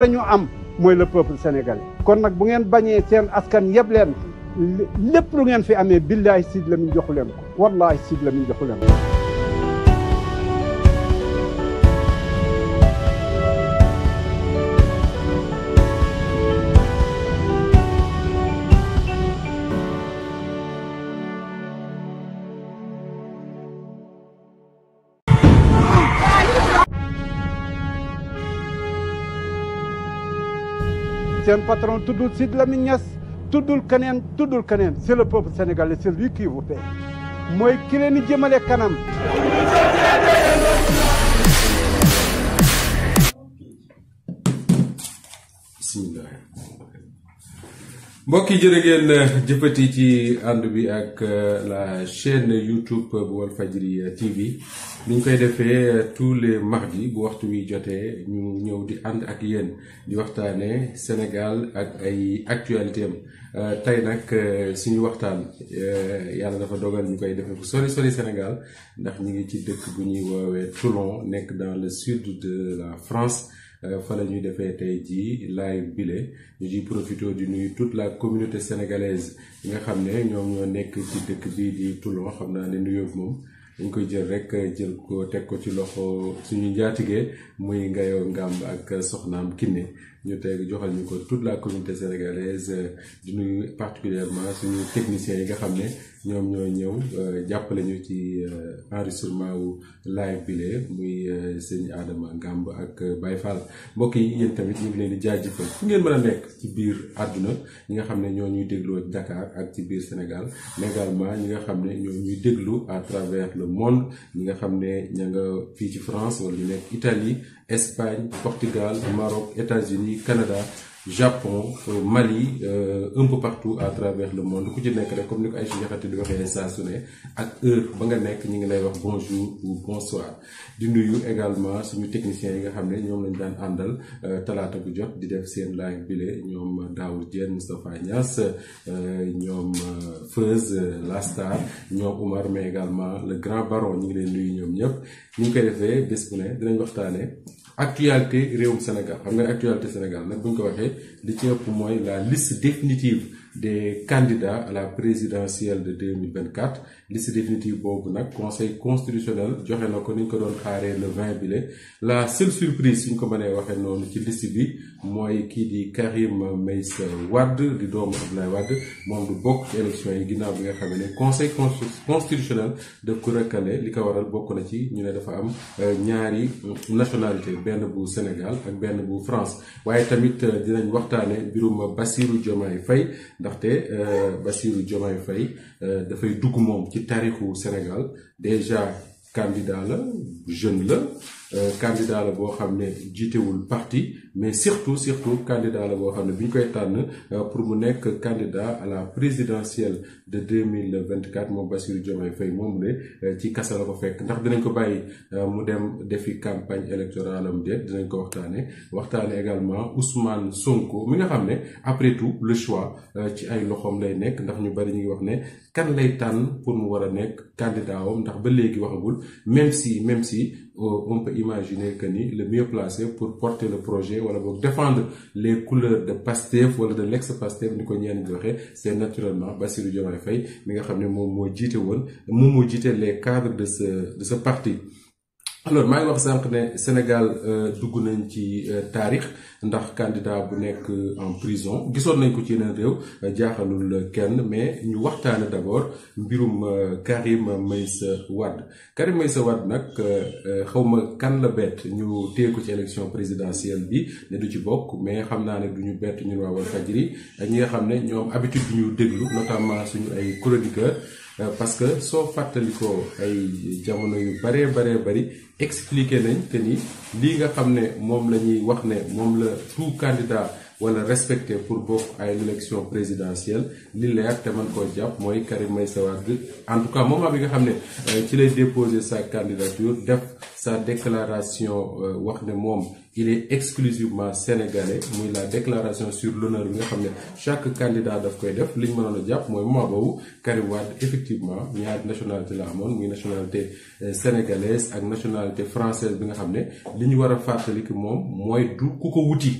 dañu am mooy le peuple sénégalais kon nag bu ngeen bañee seen askan yëpp leen lépp lu ngeen fi amee billahi Sidy Lamine joxu leen ko wallahi Sidy Lamine joxu leen ko seen patron tuddul le peuple sénégalais c'est lui qui vous paie mooy ki leen di jëmale mbokk yi jëfati ci ànd bi ak euh, la chaîne YouTube bu Walfadjri euh, TV ni ñu koy defee tous les mardis bu waxtu wi jotee ñu ñëw di ànd ak yéen di waxtaanee Sénégal ak ay actualité am euh, tey nag euh, suñu waxtaan euh, yàlla dafa dogal ñu koy defee fu sori sori Sénégal ndax ñu ngi ci dëkk bu ñuy woowee Toulon nekk dans le sud de la France. fa la ñuy defee tey ji live bile ñu ciy profité di nuyu toute la communauté sénégalaise yi nga xam ne ñoom ñoo nekk ci dëkk bii di Toulon xam naa ne nuyoo moom dañ koy jël rek jël ko teg ko ci loxo suñu njaatige muy Ngayo Ngamb ak soxnaam Kiné ñoo teg joxal ñu ko toute la communauté sénégalaise di nuyu particulièrement suñu techniciens yi nga xam ne ñoom ñooy ñëw euh, jàppale ñu ci euh, enregistrement wu live bi lee muy euh, sëñ Adama Gamb ak Baye Fall mbokk yi yéen tamit ñu ngi leen di jaajëfal fu ngeen mën a nekk ci biir àdduna ñi nga xam ne ñoo ñuy déglu Dakar ak ci biir Sénégal mais ñi nga xam ne ñoo ñuy déglu à travers le monde ñi nga xam ne ña nga fii ci France wala ñu nekk Italie Espagne Portugal Maroc États-Unis Canada Japon euh, Mali euh, un peu partout à travers le monde ku ci nekk rek comme ni ko ay si jaxate di waxee saa su ne ak heure ba nga nekk ñu ngi lay wax bonjour ou bonsoir di nuyu également suñu techniciens yi nga xam ne ñoom lañ daan àndal euh, talaata bu jot di def seen live bile ñoom Daoud Dieng Moustapha Niass ñoom Feuz Lastar ñoom Oumar mais également le grand baron ñu ngi leen nuyu ñoom ñëpp ñu ngi koy defee bés bu ne dinañ waxtaanee. actualité réewum Sénégal xam nga actualité Sénégal nag bu ñu ko waxee li ci ëpp mooy la liste définitive des candidats à la présidentielle de 2024 liste définitive boobu nag conseil constitutionnel joxe na ko ni ñu ko doon xaaree le 20 bile la seule surprise suñ ko mënee waxee noonu ci liste bi mooy kii di Karim Meïssa Wade di doomu Abdoulaye Wade moom du bokk ci élection yi ginnaaw bi nga xam ne conseil constitutionnel daf ko recalé li ko waral bokk na ci ñu ne dafa am euh, ñaari nationalité benn bu Sénégal ak benn bu France waaye tamit euh, dinañ waxtaane mbirum Bassirou Diomaye Faye ndaxte euh, Bassirou Diomaye Faye euh, dafay dugg moom ci taarixu Sénégal déjà candidat la jeune la Euh, candidat la boo xam ne jiitewul parti mais surtout surtout candidat la boo xam ne bi ñu koy tànn euh, pour mu nekk candidat à la présidentielle de 2024 moom Bassirou Diomaye Faye moom ne euh, ci kasa la ko fekk ndax dinañ ko bàyyi mu dem defi campagne électorale am déet dinañ ko waxtaane waxtaane également Ousmane Sonko mi nga xam ne après tout le choix ci ay loxoom lay nekk ndax ñu bari ñu ngi wax ne kan lay tànn pour mu war a nekk candidat ndax ba léegi waxagul même imaginer que ni le mieux placé pour porter le projet wala boog défendre les couleurs de Pastef wala de l'ex-Pastef ni ko ñeen di waxee c'est naturellement Bassirou Diomaye Faye mi nga xam ne moom moo jiite woon moom moo jiite les cadres de ce de ce parti alors maa ngi wax sànq ne Sénégal euh, dugg nañ ci euh, taarix ndax candidat bu nekk euh, en prison gisoon nañ ko ci yeneen réew jaaxalul kenn mais ñu waxtaane d'abord mbirum Karim Meïssa Wade Karim Meïssa Wade nag xawma kan la bett ñu téye ko ci élection présidentielle bi ne du ci bokk mais xam naa ne du ñu bett ñun waa Walfadjri ñi nga xam ne ñoom habitude bi ñu déglu notamment suñu ay chroniqueurs Euh, parce que soo fàttalikoo ay jamono yu baree baree bari expliqué nañ que ni lii nga xam ne moom la ñuy wax ne moom la tout candidat wala respecté pour bokk ay élection présidentielle li te man koo jàpp mooy Karim Meïssa Wade en tout bi nga xam ne euh, ci lay déposer sa candidature def sa déclaration euh, wax ne moom. il est exclusivement sénégalais muy la déclaration sur l'honneur bi nga xam ne chaque candidat daf koy def li ñu mënoon a jàpp mooy moment Karim Wade effectivement ñaari nationalité la amoon muy nationalité euh, bi nga xam ne li ñu war a fàttali moom mooy du ku ko wuti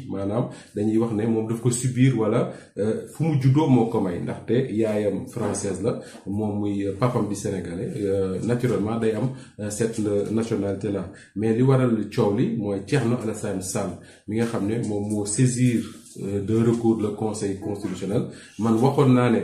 dañuy wax ne moom daf ko subir wala euh, fu mu juddoo moo ko may ndaxte yaayam française la moom muy papam di sénégalais euh, naturellement day am cette nationalité mais li waral coow li mooy Thierno Alassane Alassane Sall mi nga xam ne moom moo saisir euh, d'un recours le conseil constitutionnel man waxoon naa ne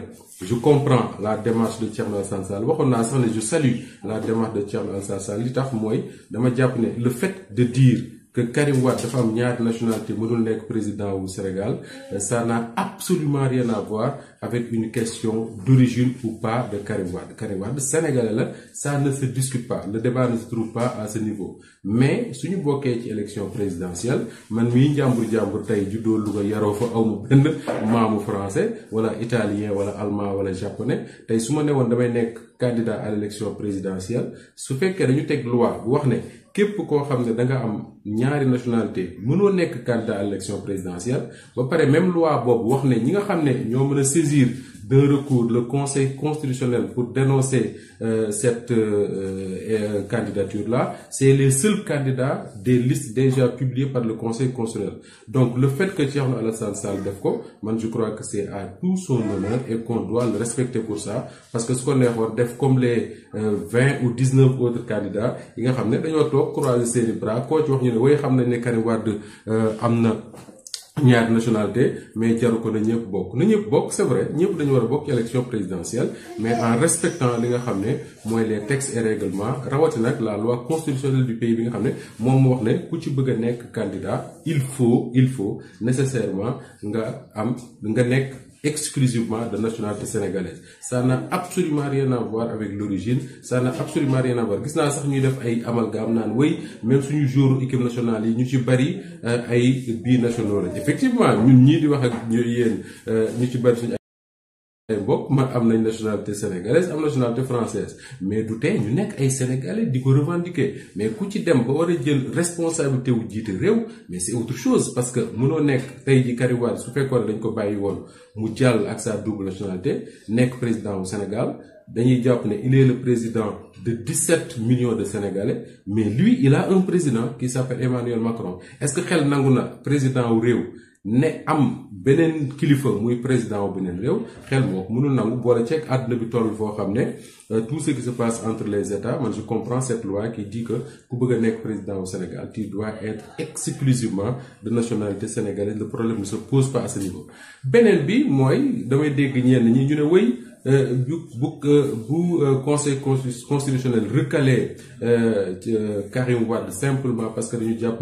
je comprends la démarche de Thierno Alassane Sall waxoon naa sax ne je salue la démarche de Thierno Alassane Sall li tax mooy dama jàpp ne le fait de dire que Karim Wade dafa am ñaari nationalité mënul nekk président wu Sénégal euh, ça n'a absolument rien à voir avec une question d'origine ou pas de Karim Wade Karim Wade sénégalais la ça ne se discute pas le débat ne se pas à ce niveau mais suñu bokkee ci élection présidentielle man mii njàmbur jàmbur tey juddoo Louga yaroo fa awma benn maamu français wala italien wala allemand wala japonais tey su ma ne woon damay nekk candidat à l'élection présidentielle su fekkee dañu teg loi bu wax ne képp koo xam ne danga am ñaari nationalité mënoo nekk candidat à l'élection présidentielle ba pare même loi boobu wax ne ñi nga xam ne ñoo mën a saisir d'un recours le Conseil constitutionnel pour dénoncer euh, cette euh, euh, candidature-là, c'est les seuls candidats des listes déjà publiées par le Conseil constitutionnel. Donc le fait que Thierno Alassane Sall def ko man je crois que c'est à tout son honneur et qu'on doit le ça parce que su def comme euh, vingt ou dix-neuf autres candidats yi nga xam ne dañoo toog croiser seeni bras koo ci wax ñu ne way xam nañ ne Karim euh, am na ñaar nationalité mais jaru ko na ñëpp bokk na ñëpp bokk c'est vrai ñëpp dañu war a bokk ci élection présidentielle mais en respectant li nga xam ne mooy les textes et règlements rawati nag la loi constitutionnelle du pays bi nga xam ne moom mu wax ne ku ci bëgg a nekk candidat il faut il faut nécessairement nga am nga nekk exclusivement de nationalité sénégalaise ça n'a absolument rien à voir avec l'origine ça n'a absolument rien à voir gis naa sax ñuy def ay amalgame naan wéy même suñu joueur équipe nationale yi ñu ci bari euh, ay binationaux lañ effectivement ñun ñii di wax ak yéen euh, ñu ci bari suñu ay mbokk ma am nañ nationalité sénégalaise am nationalité française mais du tey ñu nekk ay sénégalais di ko revendiquer mais ku ci dem ba war a jël responsabilité wu jiite réew mais c'est autre chose parce que mënoo nekk tey ji Karim Wade su fekkoon dañ ko bàyyi woon mu jàll ak sa double nationalité nekk président wu Sénégal dañuy jàpp ne il le président de set millions de sénégalais mais lui il a un président qui s'appelle Emmanuel Macron est-ce que xel nangu na président wu réew ne am beneen kilifa muy président bu beneen réew xel moo ko nangu boole ceeg àdduna bi toll foo xam ne euh, tout ce qui se passe entre les états man je comprends cette loi qui dit que ku bëgg a nekk président wu Sénégal tu dois être exclusivement de nationalité sénégalaise le problème ne se pose pas niveau beneen bi mooy damay dégg ñenn ñi ñu ne wëy Euh, bu bu euh, bu euh, conseil constitutionnel recalé Karim Wade simplement parce que dañu jàpp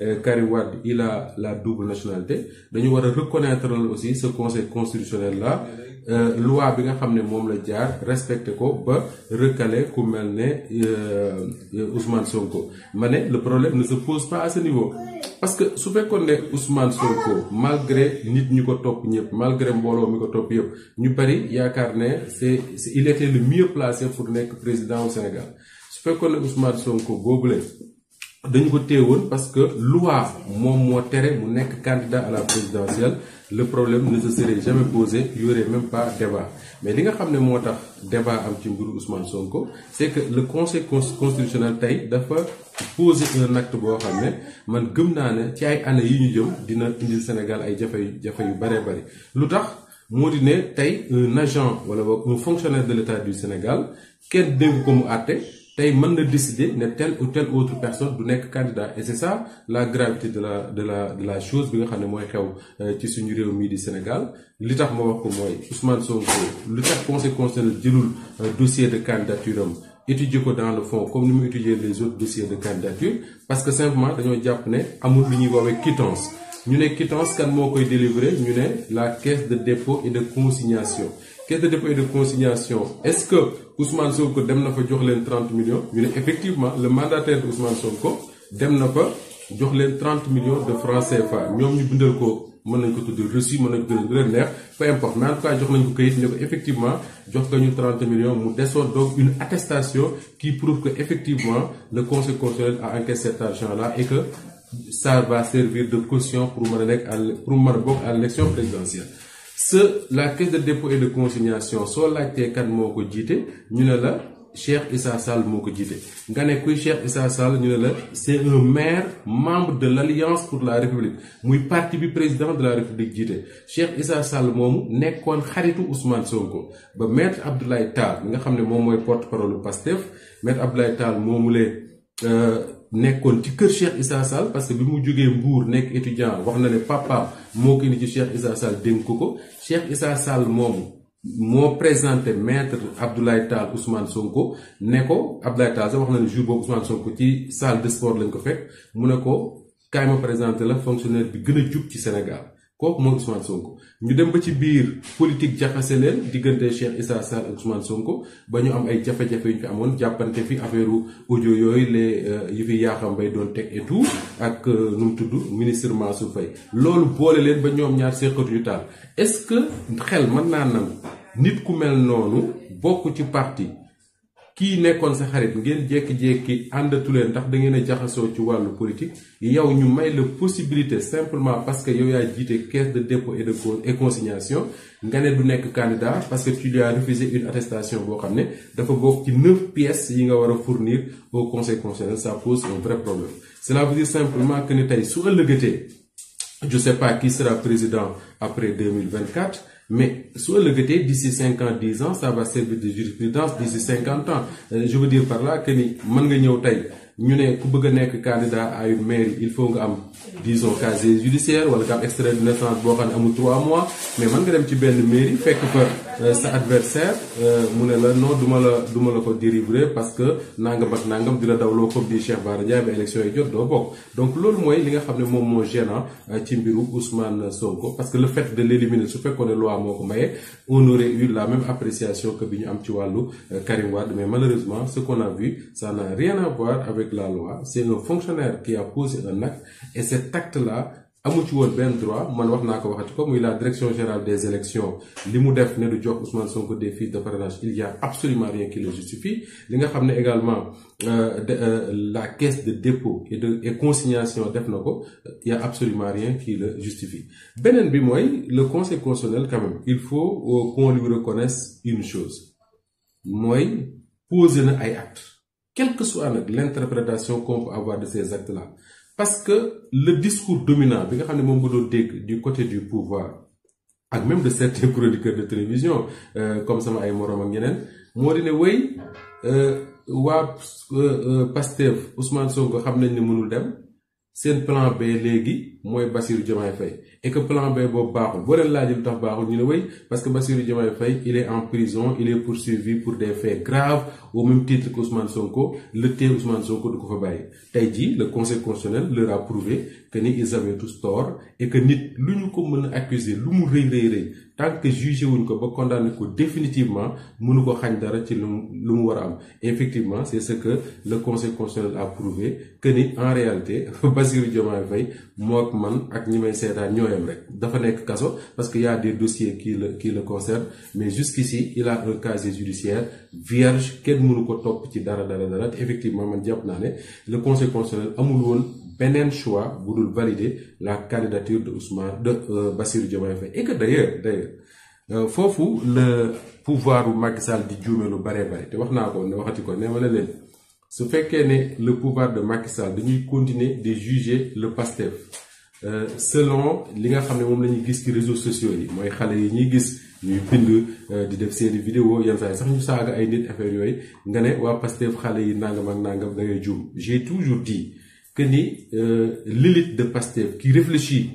ne Karim Wade il a la double nationalité dañu war a reconnaître aussi ce conseil constitutionnel la Euh, loi bi nga xam ne moom la jaar respecté ko ba recalé ku mel ne euh, euh, Ousmane Sonko ma ne le problème ne se pose pas à ce niveau parce que su fekkoon ne Ousmane Sonko malgré nit ñi ko topp ñëpp malgré mbooloo mi ko topp yëpp ñu bari yaakaar ne c'est il était le mieux placé pour nekk président au Sénégal su fekkoon ne Ousmane Sonko boobule dañu ko téewoon parce que loi moom moo tere mu nekk candidat à la présidentielle le problème ne se serait jamais posé y aurait même pas débat mais li nga xam ne moo tax débat am ci mbiru Ousmane Sonko c'est que le conseil constitutionnel tey dafa poser un boo xam ne man gëm naa ne ci ay années yi ñu jëm dina indi Sénégal ay jafe jafe yu bëree bëri lu tax moo di ne tey un agent wala boog un fonctionnaire de l'État du Sénégal kenn dégg ko mu àtte tey mën na décider ne telle ou telle autre personne du nekk candidat et c'est ça la gravité de la de la chose bi nga xam ne mooy xew euh, ci suñu réew mii di Sénégal li tax ma wax ko mooy Ousmane Sonko li tax conseil constitutionnel jëlul euh, dossier de candidature am étudier ko dans le fond comme ni mu étudier les autres dossiers de candidature parce que simplement dañoo jàpp ne amul lu ñuy woowee quittance ñu ne quittance kan moo koy délivrer ñu ne la caisse de dépôt et de consignation caisse de dépôt et de consignation est-ce que Ousmane Sonko dem na fa jox leen 30 millions ñu ne effectivement le mandataire de Ousmane Sonko dem na fa jox leen 30 millions de francs CFA ñoom ñu bindal ko mën nañ ko tudd reçu mën nañ ko tudd neex peu importe mais en jox nañ ko kayit ne ko effectivement jox ko ñu 30 millions mu desoon donc une attestation qui prouve que effectivement le conseil constitutionnel a encaissé cet argent là et que de caution pour mën a pour mën a bokk à l'élection présidentielle sa la caisse de dépôt et de consignation soo laajtee kan moo ko jiite ñu ne la Cheikh Issa Sall moo ko jiite nga ne kuy Cheikh Issa Sall ñu ne la c'est un maire membre de l'Alliance pour la République muy parti bi président de la République jiite Cheikh Issa Sall moomu nekkoon xaritu Ousmane Sonko ba maître Abdoulaye Tall mi nga xam ne moom mooy porte-parole Pastef maître Abdoulaye Tall moomu lee euh, nekkoon ci kër Cheikh Issa Sall parce que bi mu jógee Mbour nekk étudiant wax na ne papa moo ko indi ci Cheikh Issa Sall dénk ko ko Issa Sall moom moo présenté maître Abdoulaye Tall Ousmane Sonko ne ko Abdoulaye Tall wax na ne jour boobu ci salle de lañ ko fekk mu ne ko kaay ma la fonctionnaire bi gën a jub ci Sénégal kooku mooy Ousmane Sonko ñu dem ba ci biir politique jaxase leen diggante Cheikh Issa Sall ak Ousmane Sonko ba ñu am ay jafe-jafe yu ñu fi amoon jàppante fi affaire audio yooyu les euh, yi fi yaaxam bay doon teg et tout ak euh, nu mu tudd ministre Mansour Faye loolu boole leen ba ñoom ñaar seqatuñu taal est-ce que xel mën naa nangu nit ku mel noonu bokk ci parti. kii nekkoon sa xarit ngeen jékki-jékki àndatu leen ndax da ngeen a jaxasoo ci wàllu politique yow ñu may la possibilité simplement parce que yow yaa jiite caisse de dépôt et de et consignation nga ne du nekk candidat parce que tu lui as refusé une attestation boo xam ne dafa bokk ci neuf pièces yi nga war a fournir au conseil constitutionnel ça pose un vrai problème cela veut simplement que ne tey su ëllëgatee je sais pas qui sera président après 2024 Mais soit le VT, d'ici 5 ans, 10 ans, ça va servir de jurisprudence d'ici 50 ans. Euh, je veux dire mën nga ñëw tey ñu ne ku bëgg nek candidat à une mairie, il faut nga am disons casier judiciaire wala nga am extrait de naissance boo xam ne amul 3 mois mais mën nga dem ci benn mairie fekk fa euh, sa adversaire euh, mu ne la non duma la duma la ko délivrer parce que nangam ak nangam di la dawloo comme di Cheikh Bara Ndiaye ba élection yi jot doo bokk donc loolu mooy li nga xam ne moom moo gênant euh, ci mbiru Ousmane Sonko parce que le fait de l'éliminer su fekkoon ne loi moo ko maye on aurait la même appréciation que bi ñu am ci wàllu mais malheureusement ce a vu la loi c'est le a cet acte là amu ci woon benn droit man wax naa ko waxati ko muy la direction générale des élections li mu def ne du jox Ousmane Sonko des fiches de parrainage il y a absolument rien qui le justifie li nga xam ne également euh, euh, la caisse de dépôt et de consignation def na ko il y a absolument rien qui le justifie beneen bi mooy le conseil constitutionnel quand il faut euh, qu'on lui reconnaisse une chose mooy poser na ay actes quelle que soit nag l'interprétation qu'on peut avoir de parce que le discours dominant bi nga xam ne moom nga doon dégg du côté du pouvoir ak même de certains chroniqueurs de télévision euh, comme sama ay moroom ak ñeneen moo di ne wéy euh, waa euh, Pastef Ousmane Sonko xam nañ ne mënul dem seen plan B léegi mooy Bassirou Diomaye Faye et que plan B boobu baaxul boo leen laajee lu tax baaxul ñu ne wéy parce que Bassirou Diomaye Faye il est en prison il est poursuivi pour des faits graves au même titre que Ousmane ko le tee Ousmane Sonko du ko fa bàyyi tey jii le conseil constitutionnel leur a prouvé que ni ils avaient tous tort et nit lu ñu ko mën a accuser lu mu rëy rëy rëy tant wuñ ko ba condamné ko définitivement mënu ko xañ dara ci lu lu mu war a am effectivement c'est ce que le conseil constitutionnel a que ni en réalité Bassirou Diomaye man ak ñi may seetaan ñooyam rek dafa nekk kaso parce que y a des dossiers qui le qui le mais jusqu'ici il a un casier judiciaire vierge kenn mënu ko topp ci dara dara dara te effectivement man jàpp naa ne le conseil constitutionnel amul woon beneen choix bu dul valider la candidature de Ousmane de euh, Bassirou Diomaye Faye et que d'ailleurs euh, foofu le pouvoir bu Macky Sall di juume lu bare bare te wax naa ko ne waxati ko ne leen su fekkee ne le pouvoir de Macky Sall dañuy continuer de le Pastef Euh, selon li nga xam ne moom la ñuy gis ci réseau sociaux yi mooy xale yi ñuy gis ñuy bind euh, di def seeni vidéo yenn saa yi sax ñu saaga ay nit affaire yooyu nga ne waa Pastef xale yi nangam ak nangam da ngay juum j'ai toujours dit que ni euh, l'élite de Pastef qui réfléchit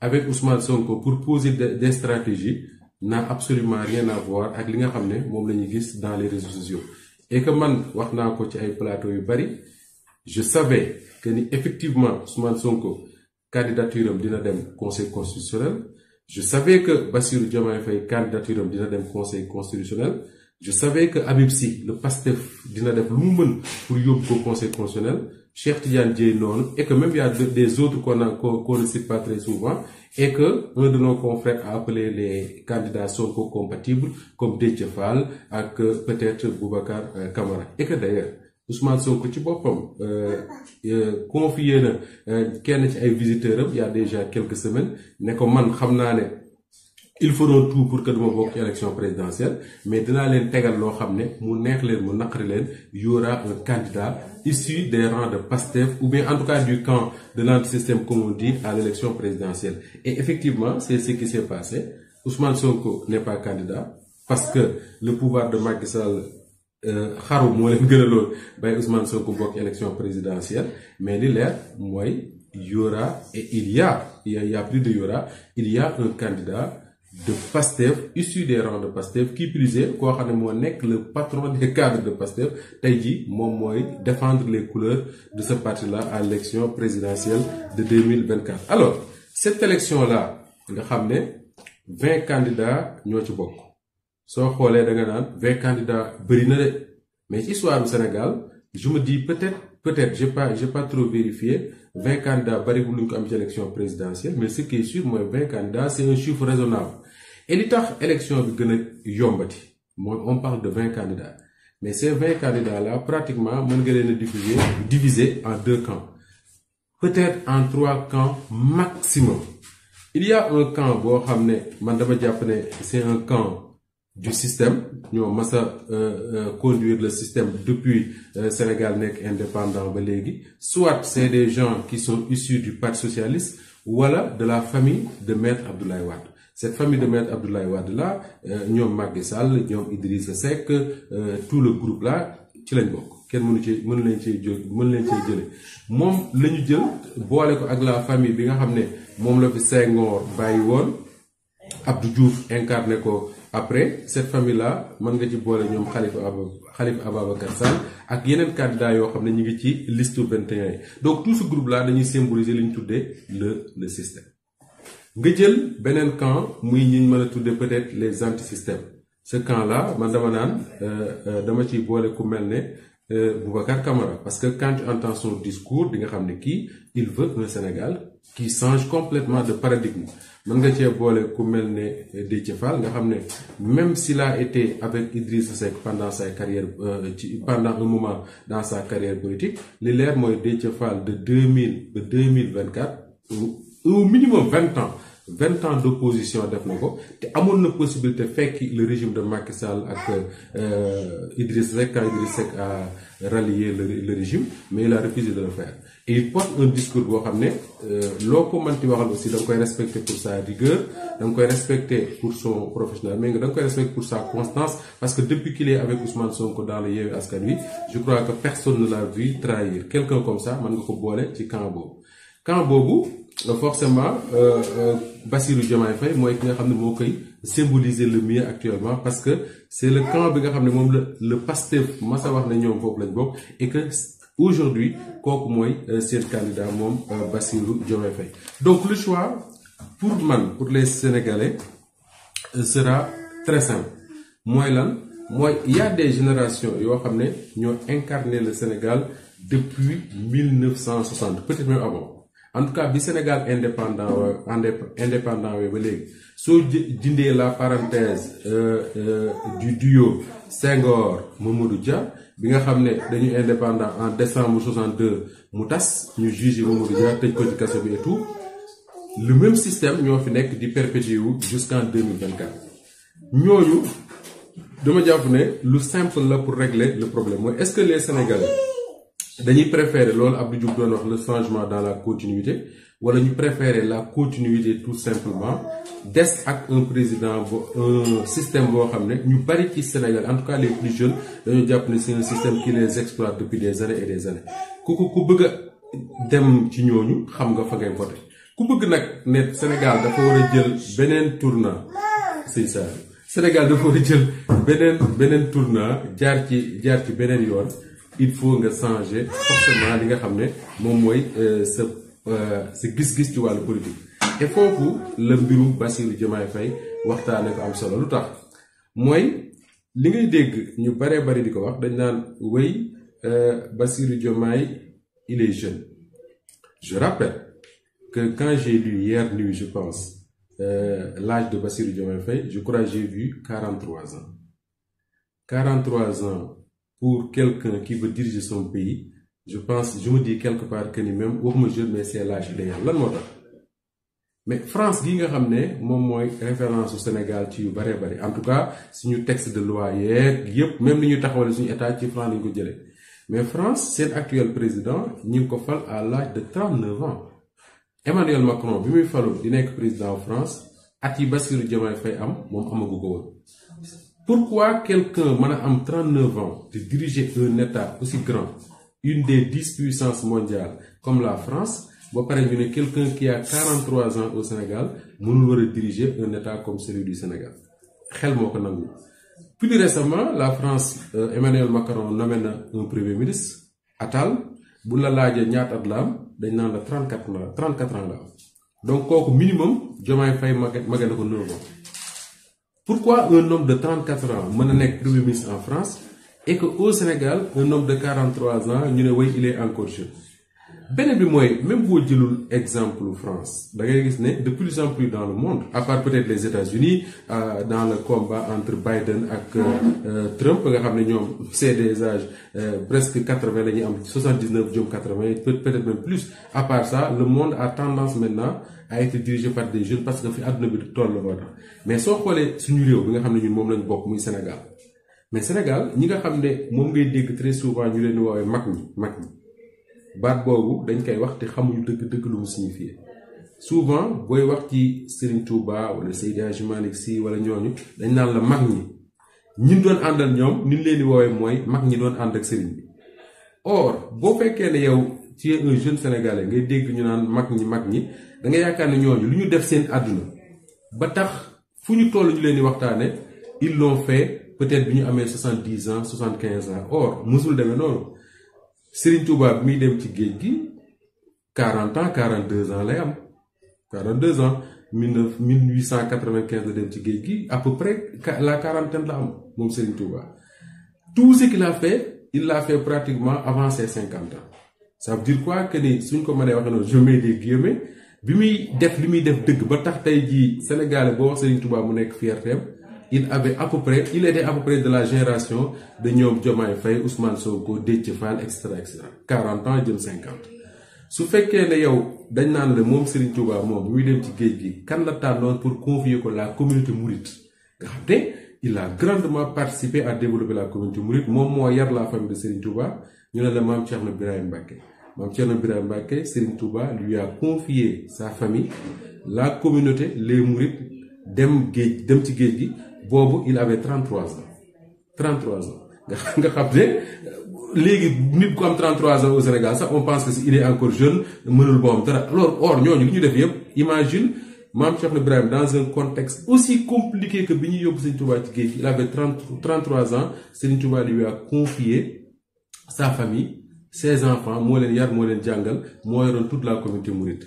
avec Ousmane Sonko pour poser des stratégies n'a absolument rien à voir ak li nga xam ne moom la ñuy gis dans les réseaux sociaux et que man wax naa ko ci ay plateau yu bari je savais que ni effectivement Ousmane Sonko candidature am dina dem conseil constitutionnel je savais que Bassirou Diomaye Faye candidature dina dem conseil constitutionnel je savais que Habib Sy le Pastef dina def lu mu mën pour yóbbu ko conseil constitutionnel Cheikh Tidiane Dièye noonu et que même des autres qu'on a qu'on ne souvent et que un de nos confrères a appelé les candidats comme Déthié Fall ak peut-être Boubacar euh, Camara et Ousmane Sonko ci boppam euh, euh, confié na euh, kenn ci ay visiteurs am y a déjà quelques semaines ne ko man xam naa ne ils feront tout pour que duma bokk ci élection présidentielle mais dinaa leen tegal loo xam ne mu neex leen mu naqari leen y aura un candidat issu des rangs de Pastef ou bien en tout cas du camp de l'antisystème comme on dit à l'élection présidentielle et effectivement c'est ce qui s'est passé Ousmane Sonko n'est pas candidat parce que le pouvoir de Euh, xaru moo leen gën a lool bay Ousmane bokk élection présidentielle mais li leer mooy y'aura et il y a il de y'aura il un candidat de Pastef issu des rangs de Pastef qui plus koo xam ne moo nekk le patron des cadres de Pastef tey jii moom mooy défendre les couleurs de ce parti là à l'élection présidentielle de 2024 alors cette élection là nga xam ne vingt candidats ñoo ci bokk soo xoolee da nga naan vingt candidats bëri na de mais ci histoire du Sénégal je me dis peut-être peut-être j'ai pas j'ai pas trop vérifié vingt candidats bëri bu lu ko am ci élection présidentielle mais ce qui est sûr mooy vingt candidats c'est un chiffre raisonnable et li tax élection bi gën a yombati mooy on parle de vingt candidats mais ces vingt candidats la pratiquement mën nga leen a diffuser diviser en deux camps peut-être en trois camps maximum il y un camp boo xam ne man dama jàpp ne c'est du système ñoo mas a euh, euh, conduire le système depuis euh, Sénégal nekk indépendant ba léegi soit c'est des gens qui sont issus du parti socialiste wala de la famille de maître Abdoulaye Wade cette famille de maître Abdoulaye Wade là ñoom Macky Sall ñoom Idrissa Seck tout le groupe là ci lañ bokk kenn mënu ci mënu leen cee jël mënu leen cee jële moom la ñu jël boole ko ak la famille bi nga xam ne moom la fi Senghor bàyyi woon Abdou Diouf incarné ko. après cette famille là mën nga ci boole ñoom Khalifa Aba Khalifa Ababacar Sall ak yeneen candidats yoo xam ne ñu ngi ci liste 21 yi donc tout ce dañuy symboliser li ñu tuddee le le système. nga jël beneen camp muy ñi mën a tuddee peut-être les anti-systèmes ce camp là man dama naan euh, euh, dama ciy boole ku mel ne euh, Boubacar Camara parce que quand tu entends son discours di nga xam ne kii il veut un Sénégal. qui change complètement de paradigme mën nga cee boole ku mel ne Déthié Fall nga xam ne même s'il a été avec Idrissa Seck pendant sa carrière euh, ci pendant moment dans sa carrière politique li leer mooy Déthié Fall de 2000 ba 2024 au minimum vingt ans vingt ans d'opposition def na ko te amoon na possibilité fekki le régime de Macky Sall ak euh, Idrissa Seck quand Idrissa Seck a rallié le régime mais il a refusé de le faire et il porte un discours boo xam ne euh, loo ko manti waxal aussi da nga koy respecter pour sa rigueur da koy respecter pour son professionnel mais nga da koy respecter pour sa constance parce que depuis qu'il est avec Ousmane Sonko dans le Yewwi Askan Wi je crois que personne ne l'a vu trahir quelqu'un comme ça mën nga ko boole ci camp boobu camp boobu euh, forcément euh, Bassirou Diomaye Faye mooy ki nga xam ne moo koy symboliser le mieux actuellement parce que c'est le camp bi nga xam ne moom la le Pastef masa wax ne ñoom lañ bokk aujourd'hui kooku mooy euh, seen candidat moom euh, Bassirou Diomaye Faye donc le choix pour man pour les sénégalais euh, sera très simple mooy lan mooy y a des générations yoo xam ne ñoo incarné le Sénégal depuis 1960 peut-être même avant en tout cas bi Sénégal indépendant indépendant we ba léegi soo dindee la parenthèse euh, euh, du duo Senghor Mamadou ja bi nga xam ne dañu indépendant en décembre 62 mu tas ñu jugé Mamadou Dia tëj ko ci kaso bi et tout même système ñoo fi nekk di perpétuer wu jusqu'en 2024 ñooñu dama jàpp ne lu simple la pour régler le problème mooy est-ce que les Sénégalais dañuy préférer loolu Abdou Diouf doon wax le changement dans la continuité wala ñu préférer la continuité tout simplement des ak un président un système boo xam ne ñu bari ci Sénégal en tout cas les plus jeunes dañoo jàpp ne c'est un système qui les exploite depuis des années et des années ku ku ku bëgg dem ci ñooñu xam nga fa ngay voté ku bëgg nag ne Sénégal dafa war a jël beneen tournant c'est ça Sénégal dafa war a jël beneen beneen tournant jaar ci jaar ci beneen yoon. il faut nga changer forcément li nga xam ne moom mooy euh, sa euh, sa gis-gis ci wàllu politique. te foofu la mbirum Bassirou Diomaye Faye waxtaanee ko am solo lu tax mooy li ngay dégg ñu baree bari di ko wax dañ naan wéy euh, Bassirou Diomaye il est jeune je rappelle que quand j'ai lu hier nuit je pense. Euh, l'âge de Bassirou Diomaye Faye je crois j'ai vu 43 ans ans pour quelqu'un qui veut diriger son pays je pense je me dis quelque part que ni même waxuma jeune mais c'est l'âge idéal lan moo tax mais France gi nga xam ne moom mooy référence su Sénégal ci yu bare bari en tout cas suñu texte de loi yeeg yépp même li ñu taxawale suñu état ci France lañu ko jëlee mais France seen actuel président ñi ngi ko fal à l'âge de 39 ans Emmanuel Macron bi muy falu di nekk président France at yi Bassirou Diomaye fay am moom amagu ko woon pourquoi quelqu'un mën a am 39 ans de diriger un état aussi grand une des dix puissances mondiales comme la France ba pare ñu ne quelqu'un qui a 43 ans au Sénégal mënul war a diriger un état comme celui du Sénégal xel moo ko nangu plus récemment la France euh, Emmanuel Macron nommé na un premier ministre Attal bu la laajee la am dañ naan la 34 la 34 ans la am donc kooku minimum Diomaye Faye mag magane ko 9 ans pourquoi un homme de 34 ans mën a nekk premier ministre en France et que au Sénégal un homme de ans ñu ne way il est encore jeune beneen bi mooy même boo jëlul exemple France da ngay gis ne de plus en plus dans le monde à part peut-être les États-Unis euh, dans le combat entre Biden ak euh, euh Trump nga xam ne ñoom c'est des âges euh, presque 80 la ñuy am 79 jëm 80 peut-être même plus à part ça le monde a tendance maintenant a été dirigé par des jeunes parce que fi àdduna bi toll moo tax mais soo xoolee suñu réew bi nga xam ne ñun moom lañ bokk muy Sénégal mais Sénégal ñi nga xam ne moom ngay dégg très souvent ñu leen woowee mag ñi mag baat boobu dañ koy wax te xamuñu dëgg dëgg lu mu signifié souvent booy wax ci Serigne Touba wala Seydi Hadji Malick Sy wala ñooñu dañ naan la mag ñi ñin doon àndal ñoom ni leen di woowee mooy mag ñi doon ànd ak Serigne bi or boo fekkee la yow. ci es un jeune sénégalais ngay dégg ñu naan mag ñi mag ñi danga yaakaar na ñooñu lu ñu def seen àdduna ba tax fu ñu toll ñu leen di waxtaane ils fait peut-être bi ñu amee soixante dix ans soixante quinze ans or musul demee noonu Serigne Touba bi muy dem ci géej gi quarante ans quarante deux ans lay am quarante deux ans mille huit cent quatre vingt la dem ci géej gi à peu près la quarantaine la am moom Serigne Touba tout ce qu'il a fait il l'a fait pratiquement avant ses cinquante ans. ça veut dire quoi que ni suñ ko mënee waxee noonu je mets des bi muy def li muy def dëgg ba tax tey jii Sénégal boo wax Serigne Touba mu nekk fierté il avait à peu près il était à près de la génération de ñoom Diomaye Faye Ousmane ko Déthié Fall et cetera et cetera jëm 50 su fekkee ne yow dañ naan la moom Serigne Touba moom muy dem ci géej gi kan la tànnoon pour confier ko la communauté mouride nga xam te il a grandement participé à développer moom moo yar la ñu ne la maam Cheikh na Birahim Mbacké Mam Thierno Birahim Mbacké Serigne Touba lui a confié sa famille la communauté les Mourides dem géej dem ci géej gi boobu il avait 33 ans 33 ans nga nga xam ne léegi nit ku am 33 ans au Sénégal sax on pense que si il est encore jeune mënul boobam dara alors or ñooñu li ñu def yëpp imagine Maam Cheikh Ibrahim dans un contexte aussi compliqué que bi ñuy yóbbu Serigne Touba ci géej gi il avait 30 33 ans Serigne Touba ses enfants moo leen yar moo leen jàngal moo yoroon toute la communauté mouride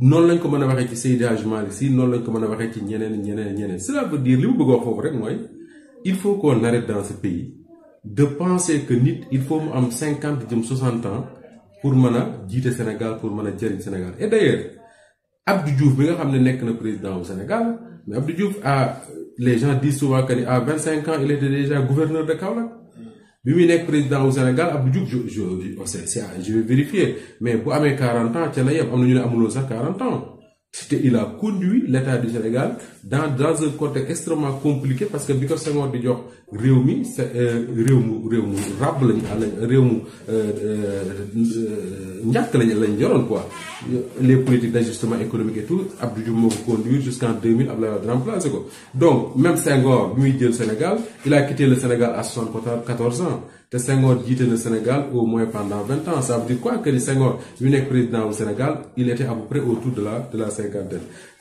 noonu lañ ko mën a waxee ci Seydi Hadji Malick noonu lañ ko mën a waxee ci ñeneen ñeneen ñeneen cela veut dire li mu bëgg a wax rek mooy il faut qu'on arrête dans ce pays de penser que nit il faut mu am cinquante jëm soixante ans pour mën a jiite Sénégal pour mën a jëriñ Sénégal et d'ailleurs Abdou Diouf bi nga xam ne nekk na président wu Sénégal mais Abdou Diouf ah les gens disent souvent que vingt cinq ans il de Kaolack bi muy nekk président wu Sénégal Abdou Diouf je je je oh, je vais mais bu amee 40 ans ca la yem am na ñu ne amuloo sax 40 ans. te il a conduit l'état du Sénégal dans dans un contexte extrêmement compliqué parce que bi ko Senghor di jox réew mi sa euh, réew mu réew mu ràbb lañ àll réew mu njàkk euh, euh, lañ lañ yoroon quoi. le politiques d'ajustement économique et tout Abdou Diouf moo ko conduire jusqu'en 2000 Abdoulaye Wade remplacé ko donc même Senghor bi muy jël Sénégal il a quitté le Sénégal à 74 ans. te Senghor jiite na Sénégal au moins pendant vingt ans ça veut dire quoi que yu nekk président wu Sénégal il était à peu près autour de la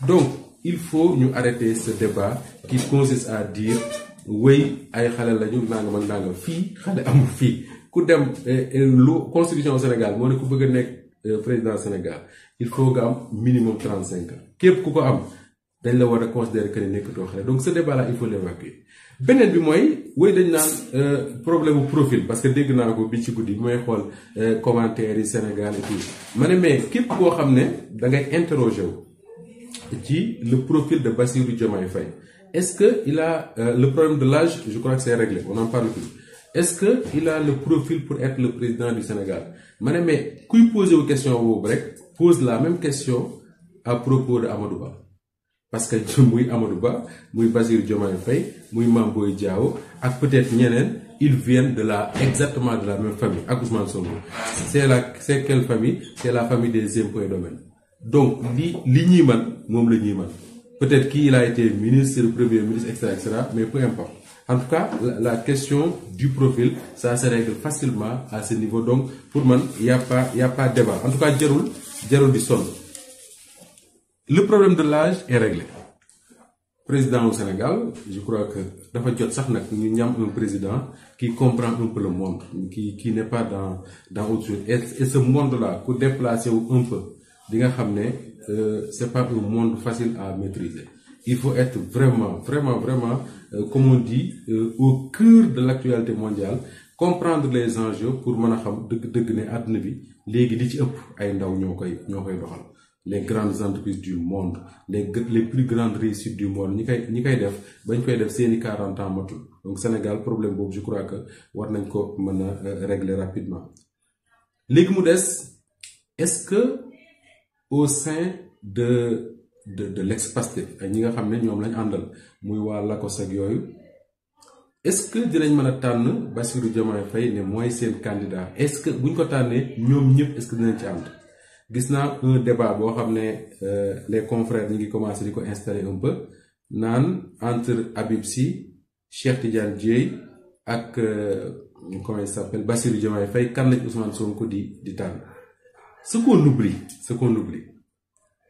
donc il faut ñu arrêter ce débat qui consiste à dire wéy ay xale lañu nangam ak nangam fii xale amul fii ku dem eh, eh, lu constitution Sénégal moo ne ku bëgg a nekk euh, président Sénégal il faut nga am minimum képp ku ko am dañ la war a considérer que ne nekkatoo xale donc ce débat là il faut l'évacuer beneen bi mooy woy dañ naan euh, problème bu profil parce que dégg naa ko bi ci guddi bi may xool euh, commentaire yi Sénégal et tout ma ne mais képp koo xam ne da ngay interroger wu ci le profil de Bassirou Diomaye Faye est-ce que il euh, le problème de lage je crois que c'est on en parle est-ce que il a profil pour être le président du Sénégal ma ne mais kuy poser wu question boobu rek pose la même question à propos de Amadou Ba parce que muy Amadou Ba muy Bassirou Diomaye Faye muy Mame Boye Diao ak peut-être ñeneen ils viennent de la exactement de la même famille ak Ousmane Sonko c'est la c'est famille c'est la famille des impôts et domaines donc li li ñuy man moom la ñuy man peut-être kii il ministre premier ministre et cetera et cetera mais peu importe en la, question du profil ça se règle facilement à ce niveau donc pour man y a pas y a pas débat en jarul jarul di sonn le problème de lage est réglé président wu Sénégal je crois que dafa jot sax nag ñu ñam un président qui comprend un peu le monde qui qui n'est pas dans dans et ce monde là ku déplacé wu un peu di nga xam ne euh, c'est pas un monde facile à maîtriser il faut être vraiment vraiment vraiment euh, comme on dit euh, au cœur de l'actualité mondiale comprendre les enjeux pour mën a xam dëgg-dëgg ne àdduna bi léegi li ci ëpp ay ndaw ñoo koy ñoo koy doxal les grandes entreprises du monde les les plus grandes réussites du monde ñi koy ñi koy def bañ koy def seeni 40 ans matul donc Sénégal problème boobu je crois que war nañ ko mën a euh, régler rapidement. léegi mu des est-ce que au sein de de de l'ex-Pastef ak ñi nga xam ne ñoom lañ àndal muy waa Lagos ak yooyu. est-ce que dinañ mën a tànn Bassirou Diomaye Faye ne mooy seen candidat est-ce que buñ ko tànnee ñoom ñëpp est-ce dinañ ci ànd gis naa un débat boo xam ne euh, les confrères ñu ngi commencé di ko installer un peu naan entre Habib Sy Cheikh Tidiane Dièye ak euh, comment il s'appelle Bassirou Diomaye Faye kan lañ Ousmane Sonko di di tànn ce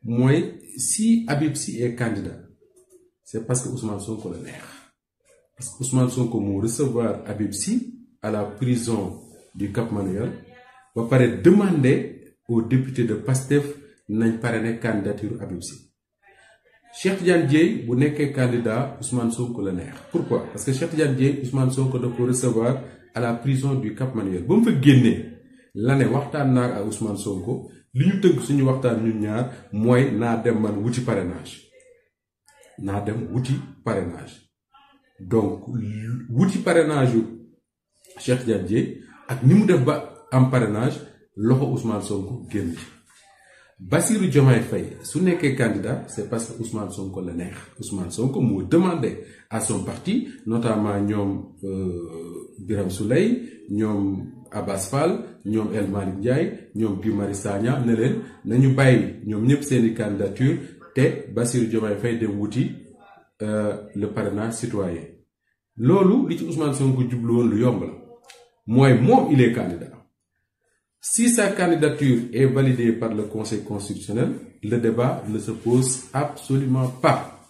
mooy si Habib Sy et candidat c'est parce que Ousmane Sonko la neex parce que Ousmane Sonko moo recevoir Habib Sy à la prison du Cap Manuel ba pare demander pour député de PASTEF nañ parrainé candidature Habib Sy Cheikh Tidiane Dièye bu nekkee candidat Ousmane Sonko la neex pourquoi parce que Cheikh Sonko da ko recevoir à la prison du Cap Manuel ba mu fa génnee la ne waxtaan naa ak Ousmane Sonko li ñu tëgg suñu waxtaan ñun ñaar mooy naa dem man wuti parrainage naa dem wuti parrainage donc wuti parrainage yu Cheikh Tidiane ak ni mu def ba am parrainage loxo Ousmane Sonko génn ci Bassirou Diomaye Faye su nekkee candidat c'est parce que Ousmane Sonko la neex Ousmane Sonko moo demandé à son parti notamment ñoom euh, Birame Souleye ñoom Abass Fall ñoom El Malick Ndiaye ñoom Guy Marius Sagna nañu bàyyi ñoom ñëpp seeni candidature te Bassirou Diomaye Faye dem wuti euh, le parrainage citoyen loolu li ci Ousmane Sonko jublu lu yomb la mooy moom il est Si sa candidature est validée par le Conseil constitutionnel, le débat ne se pose absolument pas.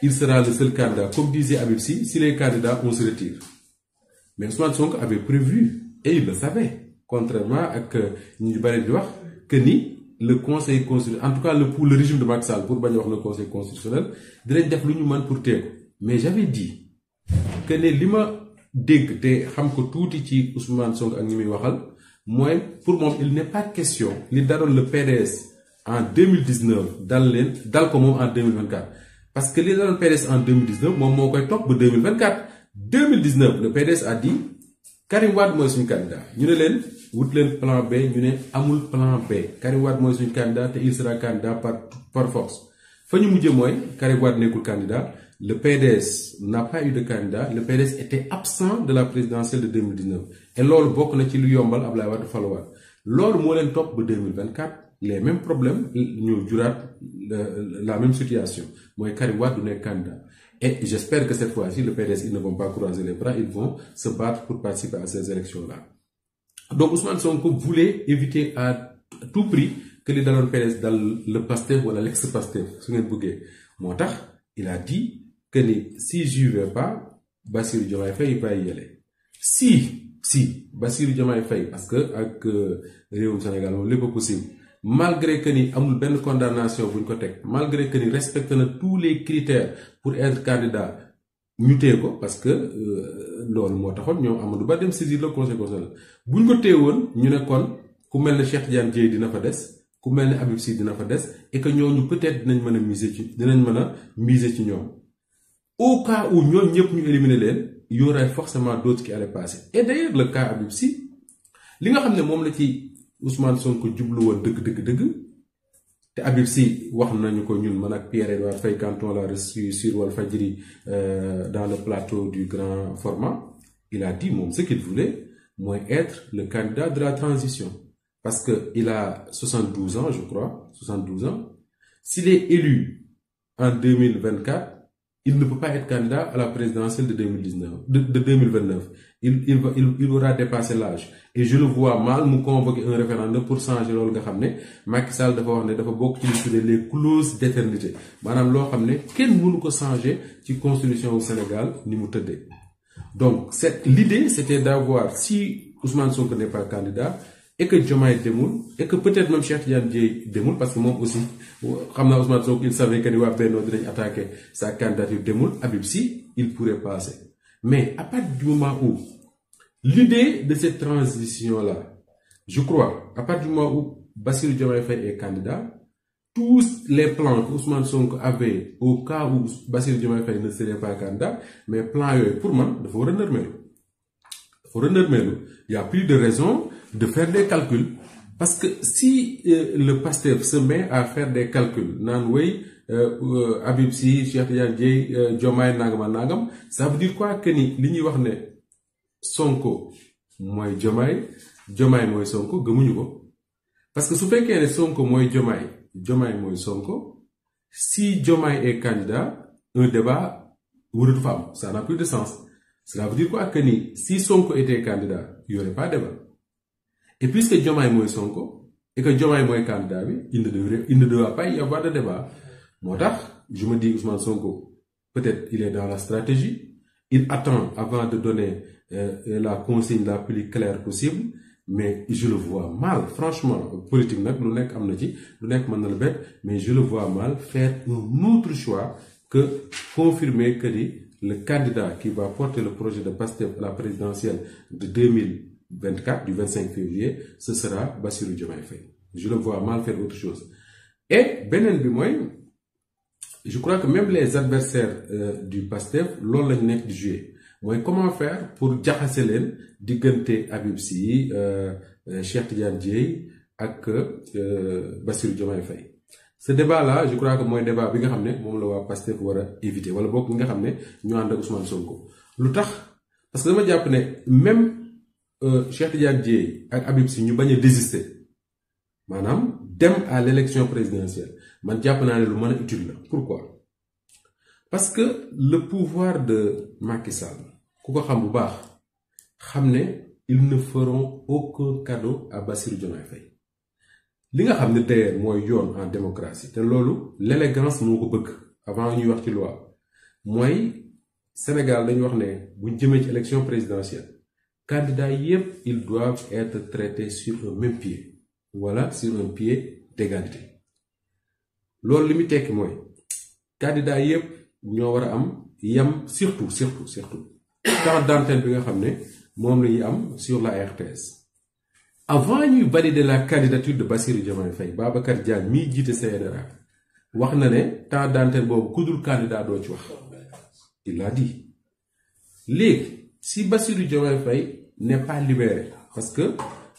Il sera le seul candidat. Comme disait Abibsi, si les candidats, on se retire. Mais Ousmane Sonko avait prévu, et il le savait, contrairement à que ñu bari di wax, que ni le conseil constitutionnel en tout cas le pour le régime de Macky Sall pour bañ a wax le conseil constitutionnel dinañ def lu ñu man pour téye mais j'avais dit que ne li ma dégg te xam ko tuuti ci Ousmane Sonko ak ñi muy waxal. mooy pour moom il n'est pas question li daloon le PDS en 2019 dal leen dal ko moom en 2024 parce que li daloon PDS en 2019 moom moo koy topp ba 2024 2019 le PDS a dit Karim Wade mooy suñu candidat ñu ne leen wut leen plan B ñu ne amul plan B Karim Wade mooy suñu candidat te il sera candidat par par force fa ñu mujjee mooy Karim Wade nekkul candidat le PDS n'a pas eu de candidat le PDS était absent de la présidentielle de et loolu bokk na ci lu yombal Ablaye Wade faluwaat loolu moo leen topp ba 2024 les mêmes problèmes ñoo juraat euh, la même situation mooy Karim Wade du nekk candidat et j'espère que cette fois-ci le PDS ils ne vont pas croiser les bras ils vont se battre pour participer à ces élections-là donc Ousmane Sonko voulait éviter à tout prix que li daloon PDS dal le Pastef wala l'ex-Pastef su ngeen bëggee moo tax il a dit que ni si j'y vais pas Bassirou Diomaye Faye il va ba Bassirou Diomaye Faye parce que ak euh, réewum Sénégal moom lépp a possible malgré que ni amul benn condamnation buñ ko teg malgré que ni respecté na tous les critères pour être candidat ñu téye ko parce que euh, loolu moo taxoon ñoom Amadou Ba dem saisir le conseil constitutionnel buñ ko téye woon ñu ne ku mel ne Cheikh Tidiane Dièye dina fa des ku mel ne Habib Sy dina fa des et ñoom ñooñu peut-être dinañ mën a miser ci mën miser ci ñoom au cas où ñoom ñëpp ñu éliminer leen. y aurait forcément d'autres qui allaient passer et d'ailleurs le cas Habib Sy li nga xam ne moom la ci Ousmane Sonko ko woon dëgg dëgg dëgg te Habib si wax nañu ko ñun man ak Pierre-Edouard Faye on l'a reçu sur Walfadjri euh, dans le plateau du grand format il a dit moom ce qu'il mooy être le candidat de la transition parce que il a 72 ans je crois 72 ans s'il est élu en il ne peut pas être candidat à la présidentielle de Il, il, va, dépassé l'âge. Et je le vois mal nous convoquer un référendum pour changer loolu nga xam ne Macky Sall dafa wax ne dafa bokk ci li tuddee les clauses d'éternité maanaam loo xam ne kenn mënu ko changer ci constitution wu Sénégal ni mu tëddee. donc cette l'idée c'était d'avoir si Ousmane Sonko n'est pas candidat et que Diomaye demul et que peut-être même Cheikh Tidiane parce que moom aussi xam naa Ousmane Sonko il savait que ni waa Benno dinañ attaqué demul Habib Sy il pourrait passer mais à partir du moment où l'idée de cette transition là je crois à partir du moment où Bassirou Diomaye Faye tous les plans que Ousmane Sonko avait au cas où Bassirou Diomaye Faye ne serait pas mais plan yooyu pour man dafa war a dafa war a nërmeelu plus de raison de faire des calculs parce que si euh, le pasteur se met à fair des calculs naan wey euh, euh, Habib Sy Cheikh Tidiane Dièye euh, Diomaye nangam ak nangam ça veut dire quoi que ni li ñuy wax ne Sonko mooy Diomaye Diomaye mooy Sonko gëmuñu ko parce que su fekkee ne Sonko mooy Diomaye Diomaye mooy Sonko si Diomaye et candidat un débat waratu fa am ça n'a plus de sens cela veut dire quoi ni si Sonko était candidat y aurait pas débat et puisque Diomaye mooy Sonko et que Diomaye mooy candidat bi il ne devrait il ne doit pas y de débat moo tax je me Sonko peut-être il est dans la stratégie il attend avant de donner euh, la consigne la plus claire possible mais je le vois mal franchement politique nag lu nekk am na ci lu nekk mën na la bett mais je le vois mal faire un autre choix que confirmer que ni le candidat qui va porter le projet de Pastef à la présidentielle de 2000 24, du 25 février, ce sera Bassirou Diomaye Faye. Je le vois mal faire autre chose. Et beneen bi mooy je crois que même les adversaires euh, du PASTEF loolu lañu nekk di jouer mooy comment faire pour jaxase leen diggante Habib Sy euh, Cheikh Tidiane ak euh, Bassirou Diomaye Faye ce débat là je crois que mooy débat bi nga xam ne moom la waa PASTEF war a éviter wala bokk nga xam ne ñoo ànd ak Ousmane Sonko lu tax parce dama jàpp ne même. Euh, Cheikh Tidiane Dièye ak Habib Sy ñu bañ a désister maanaam dem à l'élection présidentielle man jàpp naa ne lu mën a utile la pourquoi parce que le pouvoir de Macky Sall ku ko xam bu baax xam ne ils ne feront aucun cadeau à Bassirou Diomaye li nga xam ne d'ailleurs mooy yoon en démocratie te loolu l'élégance moo ko bëgg avant ñuy wax ci loi mooy Sénégal dañu wax ne buñ jëmee ci élection présidentielle candidats yépp ils doivent être traités sur un même pied wala sur un pied d'égalité loolu li mu tekki mooy candidats yépp ñoo war a am yam surtout surtout surtout temps d'antenne bi nga xam ne moom la ñuy am sur la RTS avant ñuy de la candidature de Bassirou Diomaye Faye Babacar Diagne miy jiite CNRA wax na ne temps d'antenne boobu ku dul doo ci wax il a dit léegi si Bassirou Diomaye Faye n'est pas parce que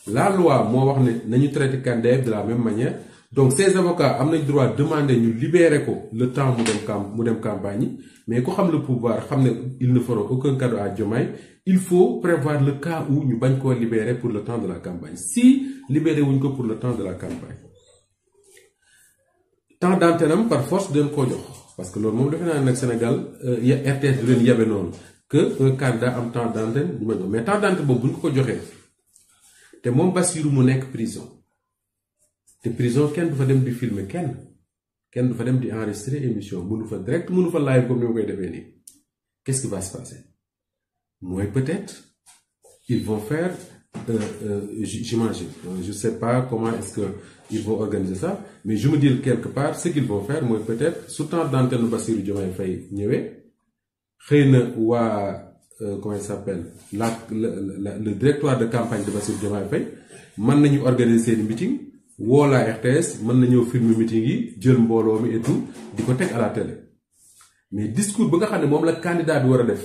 la loi moo wax ne nañu traité candidat de la même manière donc ces avocats am nañ droit demander ñu libeere ko le temps mu dem camp mu dem campagne mais ku xam pour pouvoir xam ne il ne fera aucun cadeau à Diomaye il faut prévoir le cas ñu bañ koo libérer pour le temps de la campagne si libéré wuñ ko pour le temps de la campagne temps d'antenne am par force dañ koo jox parce que loolu moom defe naa nag Sénégal euh, RTS du leen que un candidat am temps d'antenne mais temps d'antenne boobu bu ñu ko ko joxee te moom Bassirou mu nekk prison te prison kenn du fa dem di filmer kenn kenn du fa dem di enregistrer émission mënu fa direct mënu fa live comme ni ma koy defee nii quest qui va se passer mooy peut-être ils vont faire euh, euh, j'imagine euh, je sais pas comment est-ce que ils vont organiser ça mais je me quelque part ce qu'ils vont faire mooy peut su temps d'antenne Bassirou Diomaye Faye ñëwee. xëy na waa euh, comment il s'appelle la la le directoire de campagne de Bassirou Diomaye Faye mën nañu organiser seen meeting woo la RTS mën na ñëw filmer meeting yi jël mbooloo mi et di ko teg à télé mais discours ba nga xam ne moom la candidat bi war a def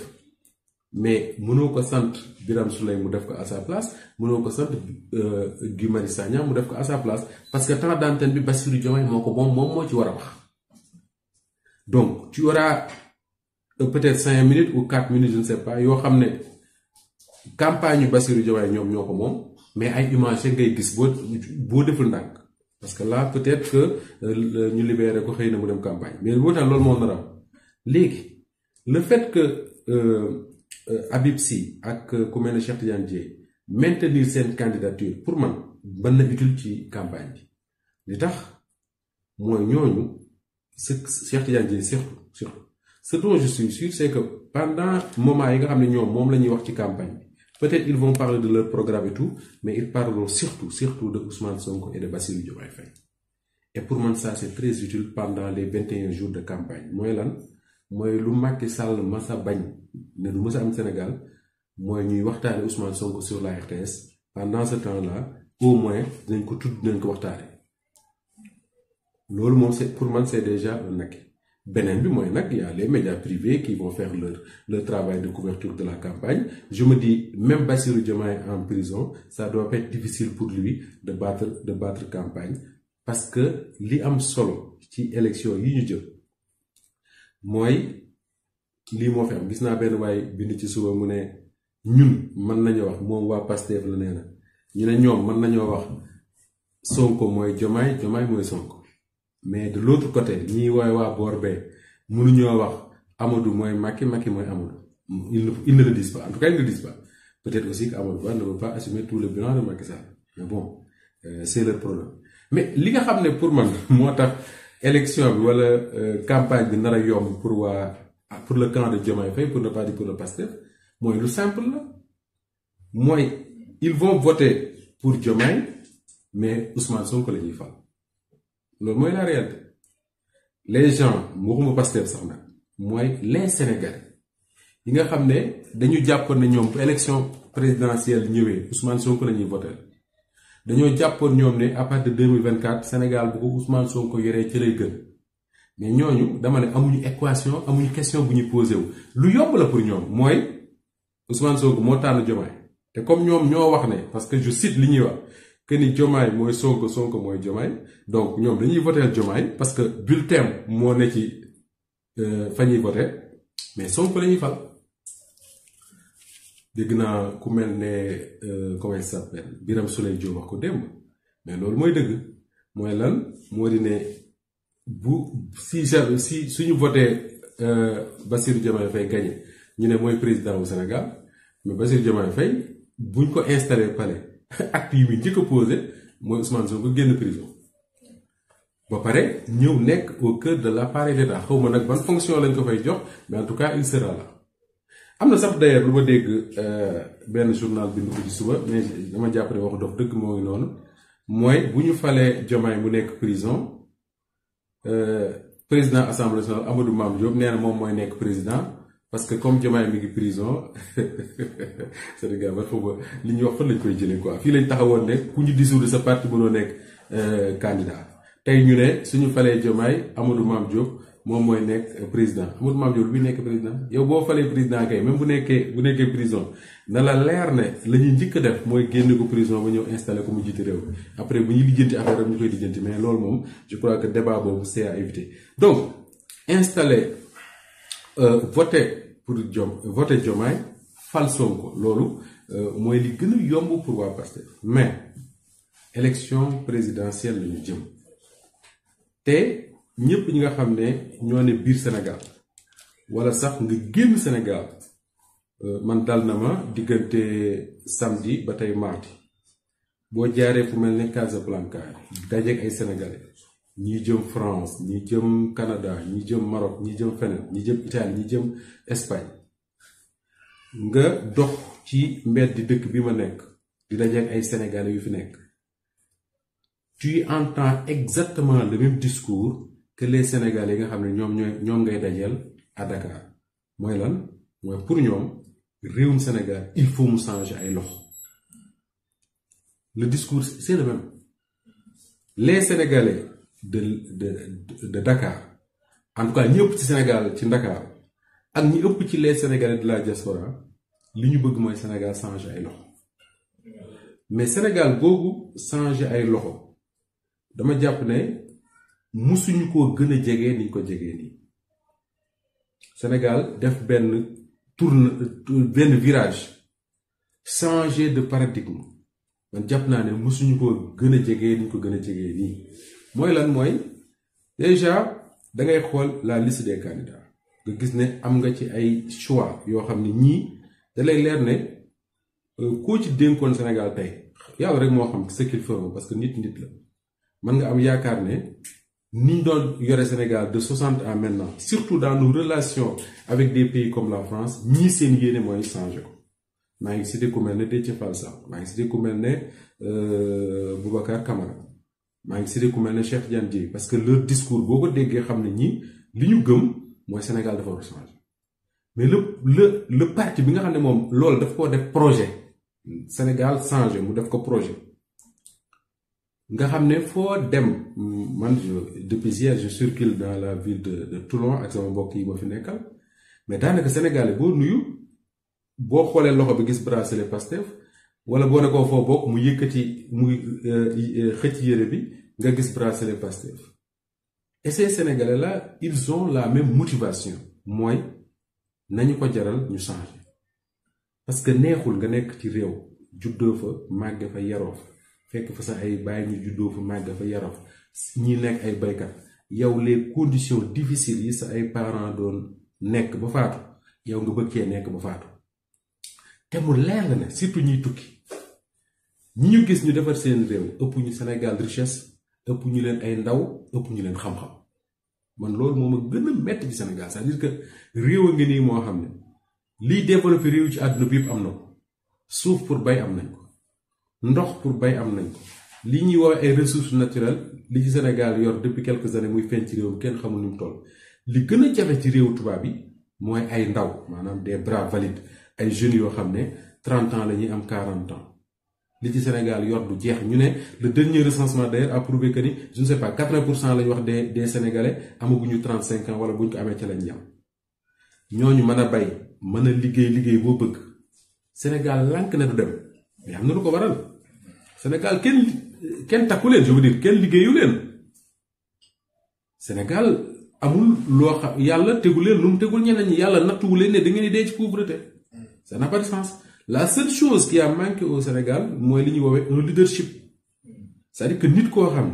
mais mënoo ko sant biram Souleye mu def ko à sa place mënoo ko sant euh, Guy Marius Sagna mu def ko à place parce que temps d'antenne bi Bassirou Diomaye moo ko moom moom moo ci war a wax donc tu auras peut-être cinq minutes ou quatre minutes je yoo xam ne campagne yu Bassirou ñoom ñoo ko moom mais ay images rek ngay gis boo boo deful ndànk parce que là peut-être que euh, ñu libéré ko xëy na mu dem campagne mais boo tax loolu moo nar léegi le fait que euh, euh, Habib Sy ak ku mel ne Cheikh Tidiane Dièye seen candidature pour man ban na utile ci campagne bi li tax mooy ñooñu së Cheikh Tidiane Dièye surtout ce dont je suis sûr c'est que pendant moment yi nga xam ne ñoom moom la ñuy wax ci campagne bi peut-être ils vont parler de leur programme et mais ils parleront surtout surtout de Ousmane Sonko et de Bassirou Diomaye Faye et pour man ça c'est très utile pendant les vingt et un jours de campagne mooy lan mooy lu Macky Sall masa bañ ne du masa am Sénégal mooy ñuy waxtaane Ousmane Sonko sur la RTS pendant ce temps-là au moins dinañ ko tudd dinañ ko waxtaane loolu moom c'est pour man c'est déjà un acquis beneen bi mooy nag y a les médias privés qui vont faire leur leur travail de couverture de la campagne je me dis même Bassirou Diomaye en prison ça doit être difficile pour lui de battre de battre campagne parce que li am sol ci élection yi ñu jëm mooy lii moo fi am gis naa benn waaye bind ci suba mu ne ñun mën nañoo wax moom waa Pastef la nee na ñu ne ñoom mën nañoo wax Sonko mooy Diomaye Diomaye mooy Sonko mais de l'autre côté ñiy wooy waa boor bee ñoo wax Amadou mooy Macky Macky mooy Amadou ils ne ils ne le disent ne le peut-être aussi que Amadou Ba ne veut le bilan de Macky Sall mais bon euh, c'est mais li nga xam ne pour man moo tax élection bi wala euh, campagne bi nar a pour waa pour le camp de pour ne pour le Pastef mooy lu simple la mooy ils vont pour Diomaye mais Ousmane loolu mooy la réalité les gens waxuma Pastef sax nag mooy les sénégal yi nga xam ne dañu jàppoon ne ñoom élection présidentielle ñëwee Ousmane Sonko la ñuy voté dañoo jàppoon ñoom ne à partir de deux mille vingt quatre Sénégal bu ko Ousmane Sonko yoree ci lay gën mais ñooñu dama ne amuñu équation amuñu question bu ñu posé wu. lu yomb la pour ñoom mooy Ousmane Sonko moo tànn Diomaye te comme ñoom ñoo wax ne parce que li ñuy wax. que ni mooy Sonko Sonko mooy Diomaye donc ñoom dañuy voté Diomaye parce que bulletin moo ne ci euh, fa ñuy voté mais Sonko la ñuy fal dégg naa ku mel ne euh, comment il s'appelle Birame Souleye Diop ko démb mais loolu mooy dëgg mooy lan moo di ne bu si si suñu voté euh, Bassirou Diomaye Faye gagné ñu ne mooy président wu Sénégal mais Bassirou Diomaye Faye buñ ko installé palais acte yi muy njëkk a posé mooy Ousmane Sonko génn prison ba pare ñëw nekk au cœur de l'appareil d'État xaw ma nag ban fonction lañ ko fay jox mais tout cas il sera am na sax d'ailleurs lu ma dégg euh, benn journal bind ko ci suba mais dama jàpp ne wax dof moo ngi noonu mooy bu ñu falee Diomaye bu nekk prison euh, président assemblée nationale Amadou Mame Diop nee moom mooy nekk président. parce que comme Diomaye mi ngi prison Sénégal man xaw ma li ñuy wax fan lañ koy jëlee quoi fii lañ taxawoon ne ku ñu dissoudre sa parti mënoo nekk euh, candidat tey ñu ne suñu falee jamaay amalu Mame Diop moom mooy nekk président Amadou Mame Diop bi nekk président yow boo falee président kay même bu nekkee bu nekkee prison na la leer ne la ñuy njëkk def mooy génne ko prison ba ñëw installé ko mu jiite réew après bu ñuy lijjanti affaire am ñu koy lijjanti mais loolu moom je crois que débat boobu c'est à éviter donc euh, pour jom voté Diomaye fal loolu euh, mooy li gën a yomb pour waa Pastef mais élection présidentielle la jëm te ñépp ñi nga xam ne ñoo ne biir Sénégal wala sax nga génn Sénégal euh, man dal na ma diggante samedi ba tey mardi boo jaaree fu mel ne Casablanca dajeek ay sénégalais. ñi jëm France ñi jëm Canada ñi jëm Maroc ñi jëm feneen ñi jëm Italie ñi jëm Espagne nga dox ci mbedd dëkk bi ma nekk di dajeeg ay sénégalais yu fi nekk en temps exactement le même discours que les sénégalais yi nga xam ne ñoom ñoom ngay dajeel à Dakar mooy lan mooy pour ñoom réewum Sénégal il faut mu changer ay loxo le discours c'est le même les sénégalais. de de de Dakar en tout cas ñi ëpp ci Sénégal ci Dakar ak ñi ëpp ci les Sénégalais de la diaspora li ñu bëgg mooy Sénégal changer ay loxo mais Sénégal googu changer ay loxo dama jàpp ne musuñu koo gën a jege niñ ko jegee nii Sénégal def benn tour benn virage changer de paradigme man jàpp naa ne musuñu koo gën a jege niñ ko gën a nii. mooy lan mooy déjà dangay xool la liste des candidats nga gis ne am nga ci ay choix yoo xam ne ñii da lay leer ne euh, koo ci dénkoon Sénégal tey yàlla rek moo xam ce qu'il faut parce que nit nit la mën nga am yaakaar ne niñ doon yore Sénégal de 60 ans maintenant surtout dans relation relations avec des pays comme la France ñii seen yéene mooy changé ko maa ngi cité ku mel ne Déthié Fall maa ngi cité ku mel ne euh, Boubacar Camara maa ngi si ku mel ne Cheikh Diagne Dièye parce que leur discours boo ko déggee xam ne ñi li ñu gëm mooy Sénégal dafa war changer mais le le le bi nga xam ne moom loolu daf ko def projet Sénégal changé mu def ko projet nga xam ne foo dem man depuis hier je circule dans la ville de de Toulon ak sama mbokk yi ma fi nekkal mais daanaka sénégale boo nuyu boo xoolee loxo bi gis bracelet Pastef wala boo ne ko foo bokk mu yëkkati mu euh, euh, xëcc yére bi nga gis bracelet Pastef et ces sénégalais là ils la même motivation mooy nañu ko jaral ñu changer parce que neexul nga nekk ci réew juddoo fa màgge fa yaroo fekk fa sax ay bàyyi ñu juddoo fa màgge fa yaroo fa nekk ay baykat yow les conditions difficiles yi sax ay parents doon nekk ba faatu yow nga bëggee nekk ba faatu te mu leer la ne surtout ñuy tukki ñi ñu gis ñu defar seen réew ëpp ñu senegal richesse ëpp ñu leen ay ndaw ëpp ñu leen xam-xam man loolu moom a gën a metti ci senegal c'est-à-dire que réew a ngi nii moo xam ne liy développé réew ci àdduna bi yëpp am na ko suuf pour bay am nañ ko ndox pour bay am nañ ko li ñuy woowee ay ressources naturelles li ci senegal yor depuis quelques années muy feeñ ci réewam kenn xamul ni mu toll li gën a jafe ci réewu tubaab yi mooy ay ndaw maanaam des bras ay jeunes yoo xam ne 30 ans la ñuy am 40 ans li ci Sénégal yor du jeex ñu ne le dernier recensement d'ailleurs a prouvé que ni je ne sais pas 80 pour cent la ñu wax des des sénégalais amaguñu 35 ans wala bu ñu ko amee ca lañ mën a bay mën a liggéey liggéey boo bëgg Sénégal lànk na du dem mais ko waral Sénégal kenn kenn takku leen je veux dire kenn liggéeyu leen Sénégal amul loo xam yàlla tegu lu mu tegul ñeneen yàlla nattuwu leen ne da dee ci pauvreté. ça n'a pas la seule chose qui a manqué au Sénégal mooy li ñuy woowee un leadership c'est-à-dire que nit koo xam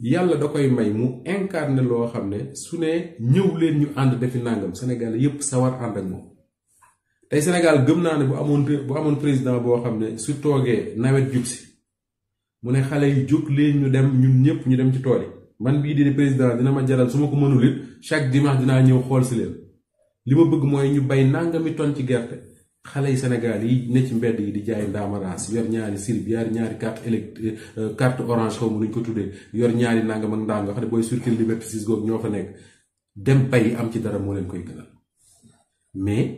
ne yàlla da koy may mu incarne loo xam ne su ne ñëw leen ñu ànd defi nàngam Sénégal yépp sawar ànd ak moom tey Sénégal gëm naa ne bu amoon bu amoon président boo xam ne su toogee nawet jub si mu ne xale yi jóg leen ñu dem ñun ñëpp ñu dem ci tool yi man bii di président dina ma jaral su ma ko mënul it chaque dimanche dinaa ñëw xool si leen li ma bëgg mooy ñu bay nangami ton ci gerte xale yi Sénégal yi ne ci mbedd yi di jaay ndaamaraas yor ñaari sirib yor ñaari carte élect euh, euh, carte orange xaw ma nuñ ko tuddee yor ñaari nangam ak ndànk nga xam ne booy circuit liberté six googu ñoo fa nekk dem bay am ci dara moo leen koy gënal mais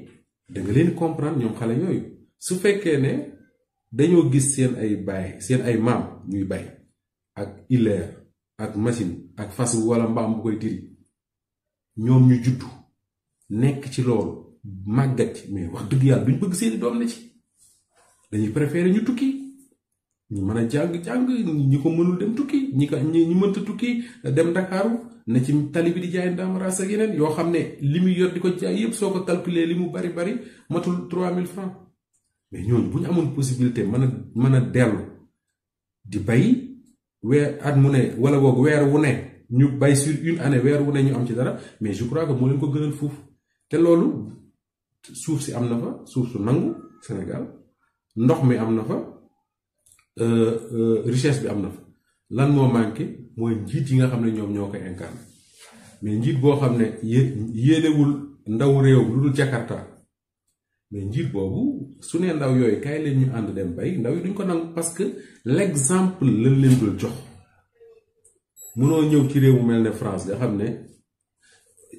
da nga leen comprendre ñoom xale yooyu su fekkee ne dañoo gis seen ay baay seen ay maam ñuy bay ak ileer ak machine ak fas wala mbaam bu koy tiri ñoom ñu juddu. nekk ci loolu màggat ci mais wax dëgg yàlla duñ bëgg seeni doom ne ci dañuy préféré ñu tukki ñu mën a jàng jàng ñi ko mënul dem tukki ñi ko ñi mënta tukki dem Ndakaaru na ci tali bi di jaay ndamaraas ak yeneen yoo xam ne li muy yor di ko jaay yëpp soo ko calculer li mu bari bari matul mille francs mais ñooñu bu ñu amoon possibilité mën a mën a dellu di bay weer at mu ne wala boog weer wu ne ñu bay sur une année weer wu ne ñu am ci dara mais je crois que moo leen ko gënal foofu. te loolu suuf si am na fa suuf su nangu Sénégal ndox mi am na fa euh, euh, richesse bi am na fa lan moo manqué mooy njiit yi nga xam ne ñoom ñoo ko incarné mais njiit boo xam ne yéenewul ndaw réew lu dul Jakarta mais njiit boobu su nee ndaw yooyu kay leen ñu ànd dem bay ndaw yi duñ ko nangu parce que l'exemple lañ leen dul jox munoo ñëw ci réew mu mel ne France nga xam ne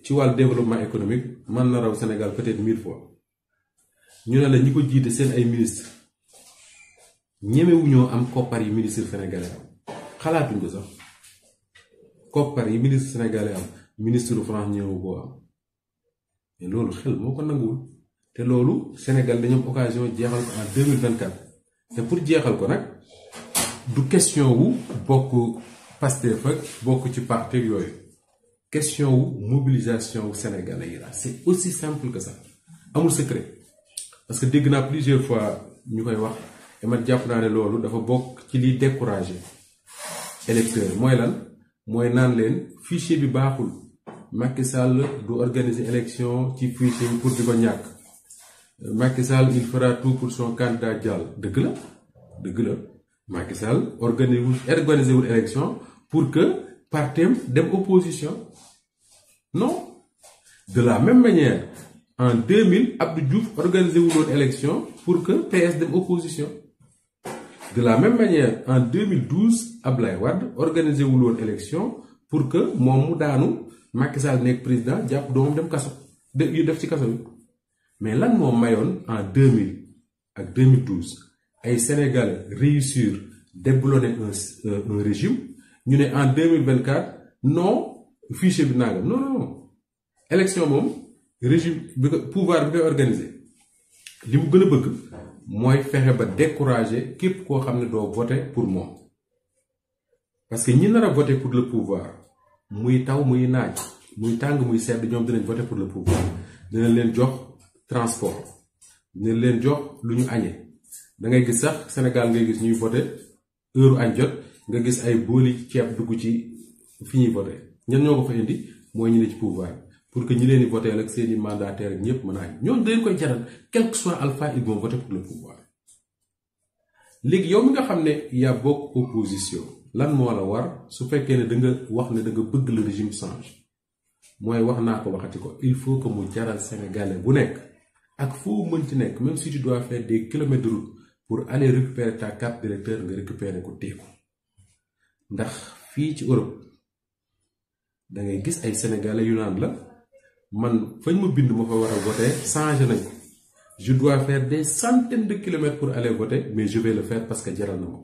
ci wàllu développement économique mën na raw Sénégal peut-être mille fois ñu ne la ñi ko jiite seen ay ministre ñemewu am koppar yi ministre sénégalais am xalaatuñ ko sax koppar yi ministre sénégalais am ministre France ñëwu koo am mais loolu xel moo ko nanguwul te loolu Sénégal dañu am occasion jeexal ko en 2024 te pour jeexal ko nag du question wu bokk Pastef ak bokk ci parti yooyu question wu mobilisation wu sénégalais yi la c'est aussi simple que ça amul secret parce que dégg naa plusieurs fois ñu koy wax te mat jàpp naa ne loolu dafa bokk ci liy décourager électeurs mooy lan mooy naan leen fichier bi baaxul Macky Sall du organiser élection ci fichier pour di ko ñàkk Macky Sall il fera tout pour son candidat jàll dëgg la dëgg la Macky Sall organiser wul organiser pour que. partem dem opposition non de la même manière en 2000 Abdou Diouf organisé wu pour que PS dem opposition de la même manière en 2012 Ablaye Wade organisé wu doon pour que moom mu daanu Macky Sall nekk président jàpp doomam dem kaso de yu def ci kaso bi mais lan moo mayoon en 2000 ak 2012 ay sénégal réussir déboulonner euh, un régime. ñu ne en 2024 non fichier bi nangam non non non élection moom régime bi ko pouvoir bi koy organiser li mu gën a bëgg mooy fexe ba décourager képp koo xam ne doo voter pour moom parce que ñi nar a voter pour le pouvoir muy taw muy naaj muy tàng muy sedd ñoom dinañ voter pour le pouvoir dina leen jox transport dina leen jox lu ñu añee da ngay gis sax Sénégal ngay gis ñuy voter heure añ jot nga gis ay booli ceeb dugg ci fi ñuy voté ñen ñoo ko fa indi mooy ñu ne ci pouvoir pour que ñi leen di voté ak seen i mandataire ak ñëpp mën naa ñoom dañ koy jaral quel que soit alpha ils vont voter pour le pouvoir léegi yow mi nga xam ne yaa bokk opposition lan moo la war su fekkee ne da wax ne da nga bëgg le régime change mooy wax naa ko waxati ko il faut que mu jaral sénégalais bu nekk ak foo mën ci nekk même si tu dois faire des kilomètres de route pour aller récupérer ta carte d'électeur nga récupérer ko téeku ndax fii ci Europe da ngay gis ay sénégalais yu naan la man fañ mu bind ma fa war a voter changé nañ ko je dois faire des centaines de kilomètres pour aller voter mais je vais le faire parce que jaral na ma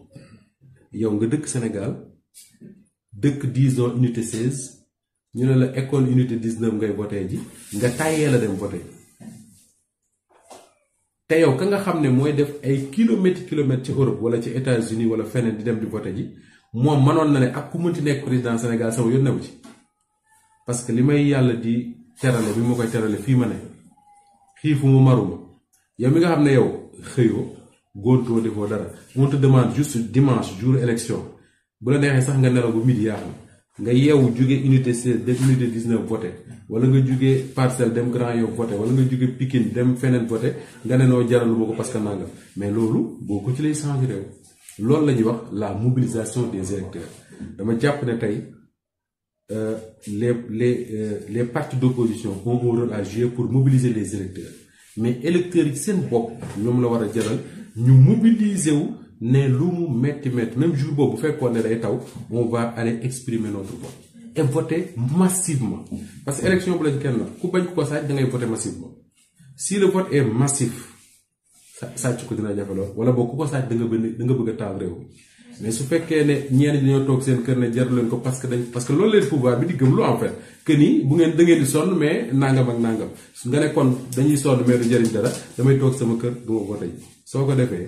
yow nga dëkk Sénégal dëkk disons unité 16 ñu ne la école unité 19 ngay voter ji nga tàyyee la dem voter te yow ka nga xam ne mooy def ay kilomètres kilomètres ci Europe wala ci États-Unis wala feneen di dem di voter ji. moom mënoon na ne ak ku mënti nekk président Sénégal sama yoon newu ci parce que li may yàlla di terale bi ma koy terale fii ma ne xiifu mu maruma yow mi nga xam ne yow xëyoo góontoo defoo dara on te demande juste dimanche jour élection bu la neexee sax nga nelaw bu midi xam nga yeewu jóge unité 16 dem unité 19 voté wala nga jóge parcelle dem Grand Yoff voté wala nga jóge Pikine dem feneen voté nga ne noo jaraluma ko parce que nangam mais loolu boo ko ci lay changé réew loolu la ñuy wax la mobilisation des électeurs dama jàpp ne tey euh, les les euh, les parti d'opposition ont un rôle à pour mobiliser les électeurs mais électeurs yi seen bopp ñoom la war a jëlal ñu mobiliser wu ne lu mu metti metti même jour boobu bu fekkoon ne day taw on va aller exprimer notre vote et voter massivement parce que élection bu lañ kenn ku bañ ko saaj da ngay massivement si le vote est massif sàcc ko dina jafe lool wala boog ku ko sàcc da nga bëgg taal réew mais su fekkee ne ñeen dañoo toog seen kër ne jaru leen ko parce que dañ parce que loolu leen pouvoir bi di gëm lu en fait que ni bu ngeen da ngeen di sonn mais nangam ak nangam su nga nekkoon kon dañuy sonn mais du jëriñ dara damay toog sama kër du ma ko tey soo ko defee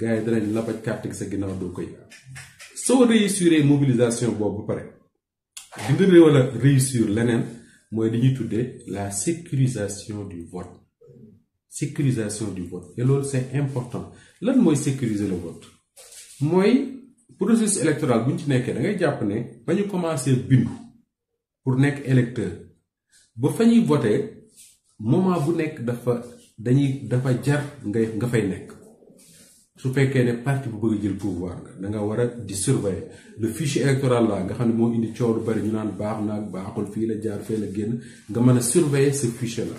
gars yi danañ la baj carte gi sa ginnaaw doo koy soo réussir mobilisation boobu ba pare dindi wala réussir leneen mooy li ñuy tuddee la sécurisation du sécurisation du vote te loolu c'est important lan mooy sécuriser la vote mooy processus électoral bu ñu ci nekkee da ngay jàpp ne ba ñu commencé bindu pour nekk électeur ba fa ñuy voté moment bu nekk dafa dañuy dafa jar ngay nga fay nekk su fekkee ne parti bu bëgg jël pouvoir nga da nga war a di surveiller le fichier électoral la nga xam ne moo indi coow lu bari ñu naan baax na baaxul fii la jaar fee la génn nga mën a surveiller ce la.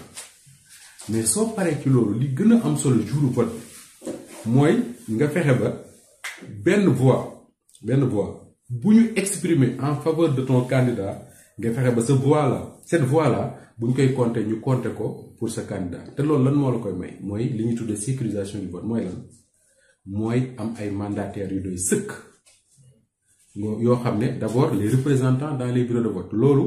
mais soo paree ci loolu li gën a am solo jouru vote mooy nga fexe ba benn voix benn voix bu ñu exprimer en faveur de ton candidat nga fexe ba sa voix là cette voix là bu koy conté ñu compter ko pour sa candidat te loolu lan moo la koy may mooy li ñu tuddee sécurisation du vote mooy lan mooy am ay mandataires yu doy sëkk yoo xam ne d'abord les représentants dans les bureaux de vote loolu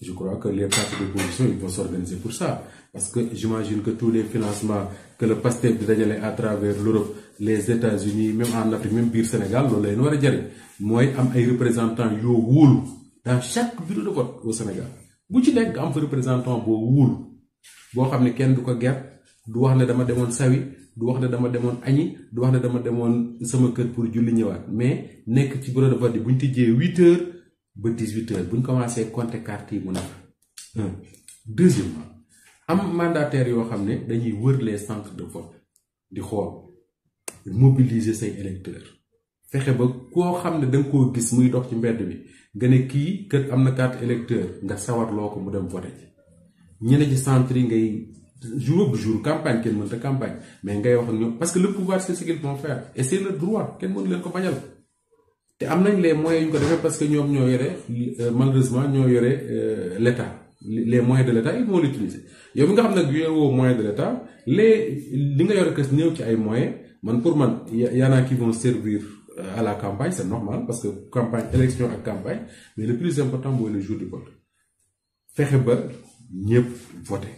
Je crois que les partis d'opposition ils vont s'organiser pour ça parce que j'imagine que tous les financements que le PASTEF di dajale à travers l'Europe les États-Unis même en Afrique même biir Sénégal loolu leen war a jariñ mooy am ay représentants yoo wuul dans chaque bureau de vote au Sénégal bu ci nekk am fa représentant boo wóolu boo xam ne kenn du ko ger du wax ne dama demoon sawi du wax ne dama demoon añi du wax ne dama demoon sama kër pour julli ñëwaat mais nekk ci bureau de vote ba dix huit heures bu ñu commencé compter yi mu nekk un deuxièmement am mandataire yoo xam ne dañuy wër les centres de vote di xool mobiliser say électeurs fexe ba koo xam ne da nga koo gis muy dox ci mbedd bi nga ne kii kër am na carte électeur nga sawarloo ko mu dem vote ji ñeneen ci centre yi ngay jour bu jour campagne kenn mënta campagne mais ngay wax ak ñoom parce que le pouvoir c'est ce qu'ils vont faire le droit kenn mënu ko bañal. te am nañ les moyens yu ko defee parce que ñoom ñoo yore euh, malheureusement ñoo yore euh, l' état les moyens de l' état moo vont l' yow mi nga xam ne yorewoo moyens de l' état les li nga yore kës ci ay moyens man pour man y en a euh, à la campagne c' est normal parce que campagne élection ak campagne mais le plus important mooy le jour du vote fexe ba ñëpp voté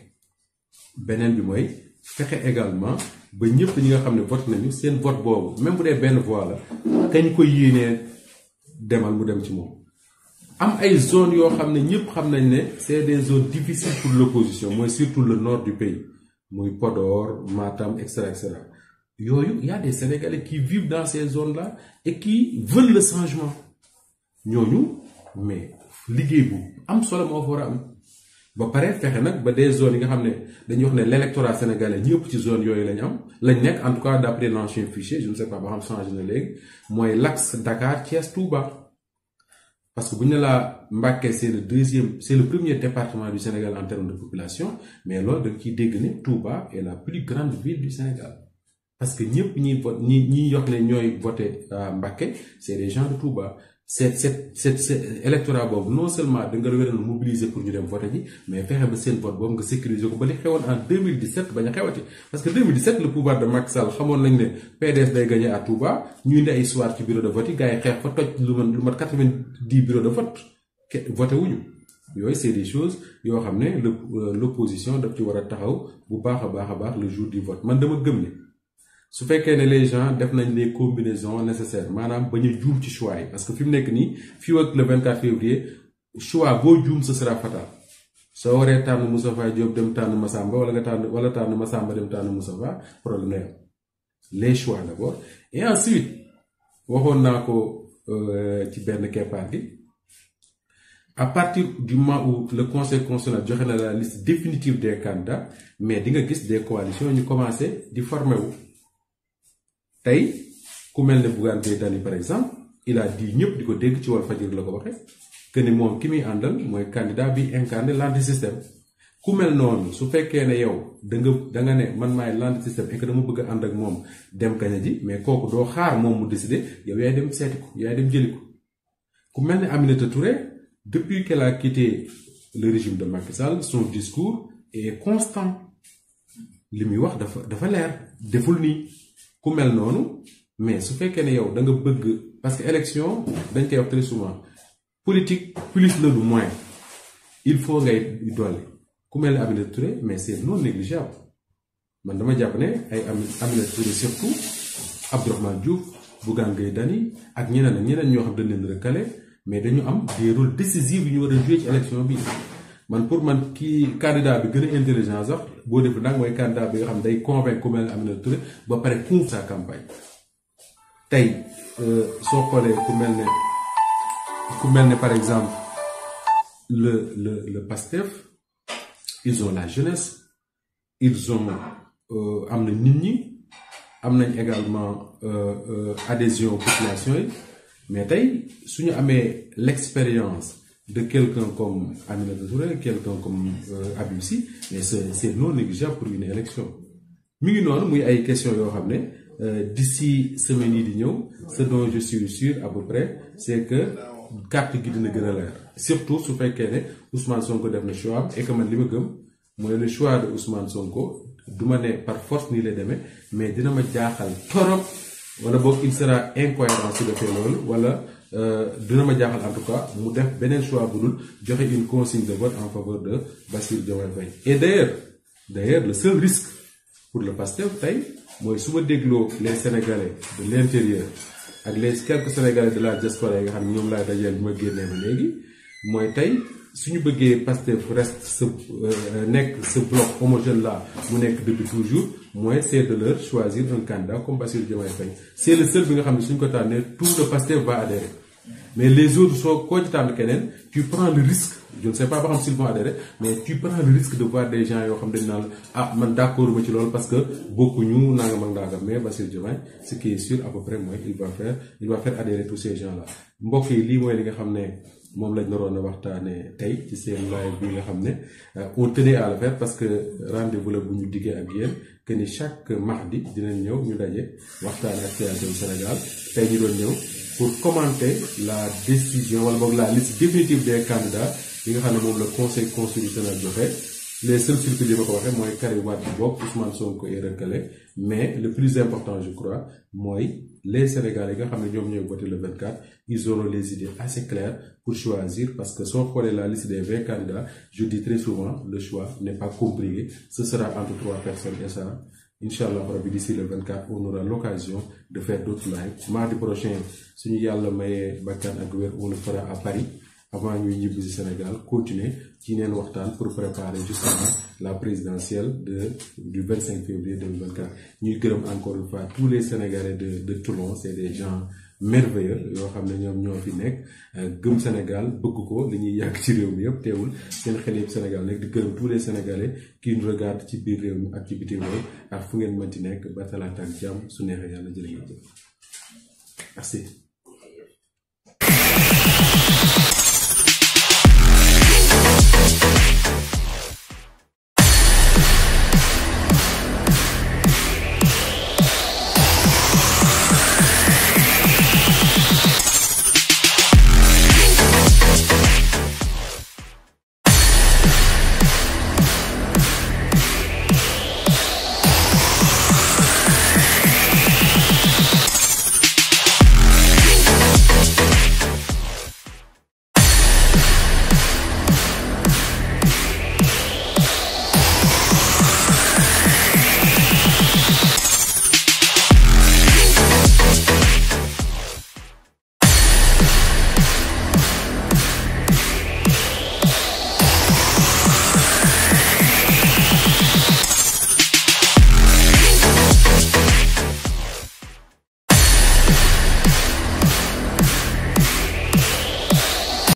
beneen bi mooy fexe également ba ñëpp ñi nga xam ne vote nañu seen vote boobu même bu dee benn voix la kañ ko yéenee. demal mu dem ci moom am ay zone yoo xam ne ñëpp xam nañ ne c'est des zones difficiles pour l'opposition mooy surtout le nord du pays muy Podor Matam et cetera yooyu y a des Sénégalais qui vivent dans ces zones là et qui veulent le changement ñooñu mais liggéey bu am solo moo fa am ba pare fexe nag ba des zones yi nga xam ne dañuy wax ne l' électorat sénégalais ñi ci zone yooyu lañ am lañ nekk en tout cas d' après l'ancien fichier je ne sais pas ba xam changé na léegi mooy l'axe Dakar Thiès Touba. parce que bu ñu ne laa Mbacké c' le deuxième c' est le premier département du Sénégal en termes de population mais loolu da nga ciy dégg ne Touba est la plus grande ville du Sénégal parce que ñëpp ñiy vote ñi ñiy wax ne ñooy voté euh, Mbacké c' est des gens Touba c'est c'est c'est électorat boobu non seulement da nga wéral mobiliser pour ñu dem vote ji mais fexe ba seen vote boobu nga sécuriser ko ba xewoon en 2017 bañ a xewati parce que 2017 le pouvoir de Macky Sall xamoon nañ ne PDS day gagné à Touba ñu ay soir ci bureau de vote yi gars yi xeex fa toj lu man lu mat bureau de vote ke wuñu yooyu c'est des choses yoo xam ne euh, l'opposition daf ci war a taxaw bu baax a baax a baax le jour du vote man dama gëm ne su fekkee ne les gens def nañ les combinaisons nécessaires maanaam ba a juum ci choix yi parce que fi mu nekk nii fii ak le 24 février boo juum ce sera soo waree tànn Moustapha Diop dem tànn Massamba wala nga tànn wala tànn Massamba dem tànn Moustapha problème lay am les choix d'abord et ensuite waxoon naa ko euh, ci benn keppaar gi à partir du le conseil constitutionnel joxe na la liste définitive des candidats mais di nga gis des coalitions ñu commencé di former tey ku mel ne Bougane Gueye par exemple il a dit ñëpp di ko dégg ci Walfadjri la ko waxee que ni moom ki muy àndal mooy candidat bi incarné l'antisystème ku mel noonu su fekkee ne yow da nga da nga ne man may l'antisystème et que dama bëgg a ànd ak moom dem kaña ji mais kooku doo xaar moom mu décider yow yaay dem seeti ko yaay dem jëli ko ku mel ne Aminata Touré depuis qu'elle a quitté régime de Macky Sall son discours est constant li muy wax dafa dafa leer deful ku mel noonu mais su fekkee ne yow da nga bëgg parce que élection dañ koy wax très souvent plus la du moins il faut ngay dolli ku mel ne Aminata Touré mais c'est non négligeable man dama jàpp ne ay Aminata Touré surtout Abdourahmane Diouf Bougane Gueye Dany ak ñeneen ak ñeneen ñoo xam dañ leen recalé mais dañu am des rôles décisifs yu ñu war a jouer ci élection bi. man pour man kii candidat bi gën a intelligent sax boo def nag mooy candidat bi nga xam day convaincre ku mel ne Aminata Touré ba pare couvre sa campagne tey euh, soo xoolee ku mel ne ku mel ne par exemple le le le PASTEF ils ont la jeunesse ils ont euh, am na nit ñi am nañ également euh, euh, adhésion population yi mais tey su ñu amee l'expérience de quelqu'un comme Aminata Touré quelqu'un comme euh, Habib Sy mais c'est non négligeable pour une élection mi ngi noonu muy ay question yoo xam ne euh, d'ici semaine yi di ñëw ce dont je suis sûr près c'est que carte gi dina gën a surtout su fekkee ne Ousmane Sonko def na choix et man li ma gëm mooy le choix de Ousmane Sonko du ma ne par force nii lay demee mais dina ma jaaxal torop wala boog il sera incohérent su defee loolu wala Euh, dina ma jaaxal en tout cas mu def beneen choix bu dul joxe une consigne de vote en faveur de Bassirou Diomaye Faye et d'ailleurs d'ailleurs le seul risque pour le PASTEF tey mooy su ma dégloo les sénégalais de l'intérieur ak les quelques sénégalais de la diaspora yi nga xam ne ñoom laay dajeel bi ma génnee ba léegi mooy tey ñu bëggee Pastef reste ce euh, nekk ce bloc homogène la mu nekk depuis toujours mooy c'est de leur choisir un candidat comme Bassirou Diomaye Faye c'est le nga xam ne suñ ko tànnee tout le Pastef mais les autres soo koo ci tànn keneen tu prends le risque je ne sais pas ba xam s'ils vont mais tu prends le risque de voir des gens yoo xam dañ naan ah man d' accord ma ci loolu parce que bokkuñu nangam ak nangam mais Bassirou Diomaye ce qui est sûr à peu près mooy il va faire il va mbokk yi lii mooy li nga xam ne moom lañ naroon a waxtaanee tey ci seen live bi nga xam ne euh, on tenait à le parce que rendez-vous la bu ñu diggee ak yéen que ni chaque mardi dinañ ñëw ñu daje waxtaane actualité bu Sénégal tey ñu doon ñëw. pour commenter la décision wala boog la liste définitive des candidats yi nga xam ne moom la conseil constitutionnel joxe. les seuls circuits yi ma ko waxee mooy Karim Wade bokk Ousmane Sonko est recalé mais le plus important je crois mooy les Sénégalais yi nga xam ne ñoom ñooy voté le 24 ils auront les idées assez claires pour choisir parce que soo xoolee la liste des vingt candidats je dis très souvent le choix n'est pas compliqué ce sera entre trois personnes incha allah rabbi d'ici le 24 on aura l'occasion de faire d'autres lives prochain suñu yàlla mayee bakkan ak wér on le à Paris avant ñuy ñibbi si Sénégal continuer ci neen waxtaan pour préparer justement la présidentielle de du 25 février 2024 ñuy gërëm encore une fois tous les Sénégalais de de Toulon c'est des gens merveilleux yoo xam ne ñoom ñoo fi nekk euh, gëm Sénégal bëgg ko li ñuy yàgg ci réew mi yëpp teewul seen xel yëpp Sénégal nekk di gërëm tous les Sénégalais qui nous ci biir réew mi ak ci bitim réew ak fu ngeen mënti nekk ba talaata ak su neexee yàlla jërë ngeen jëf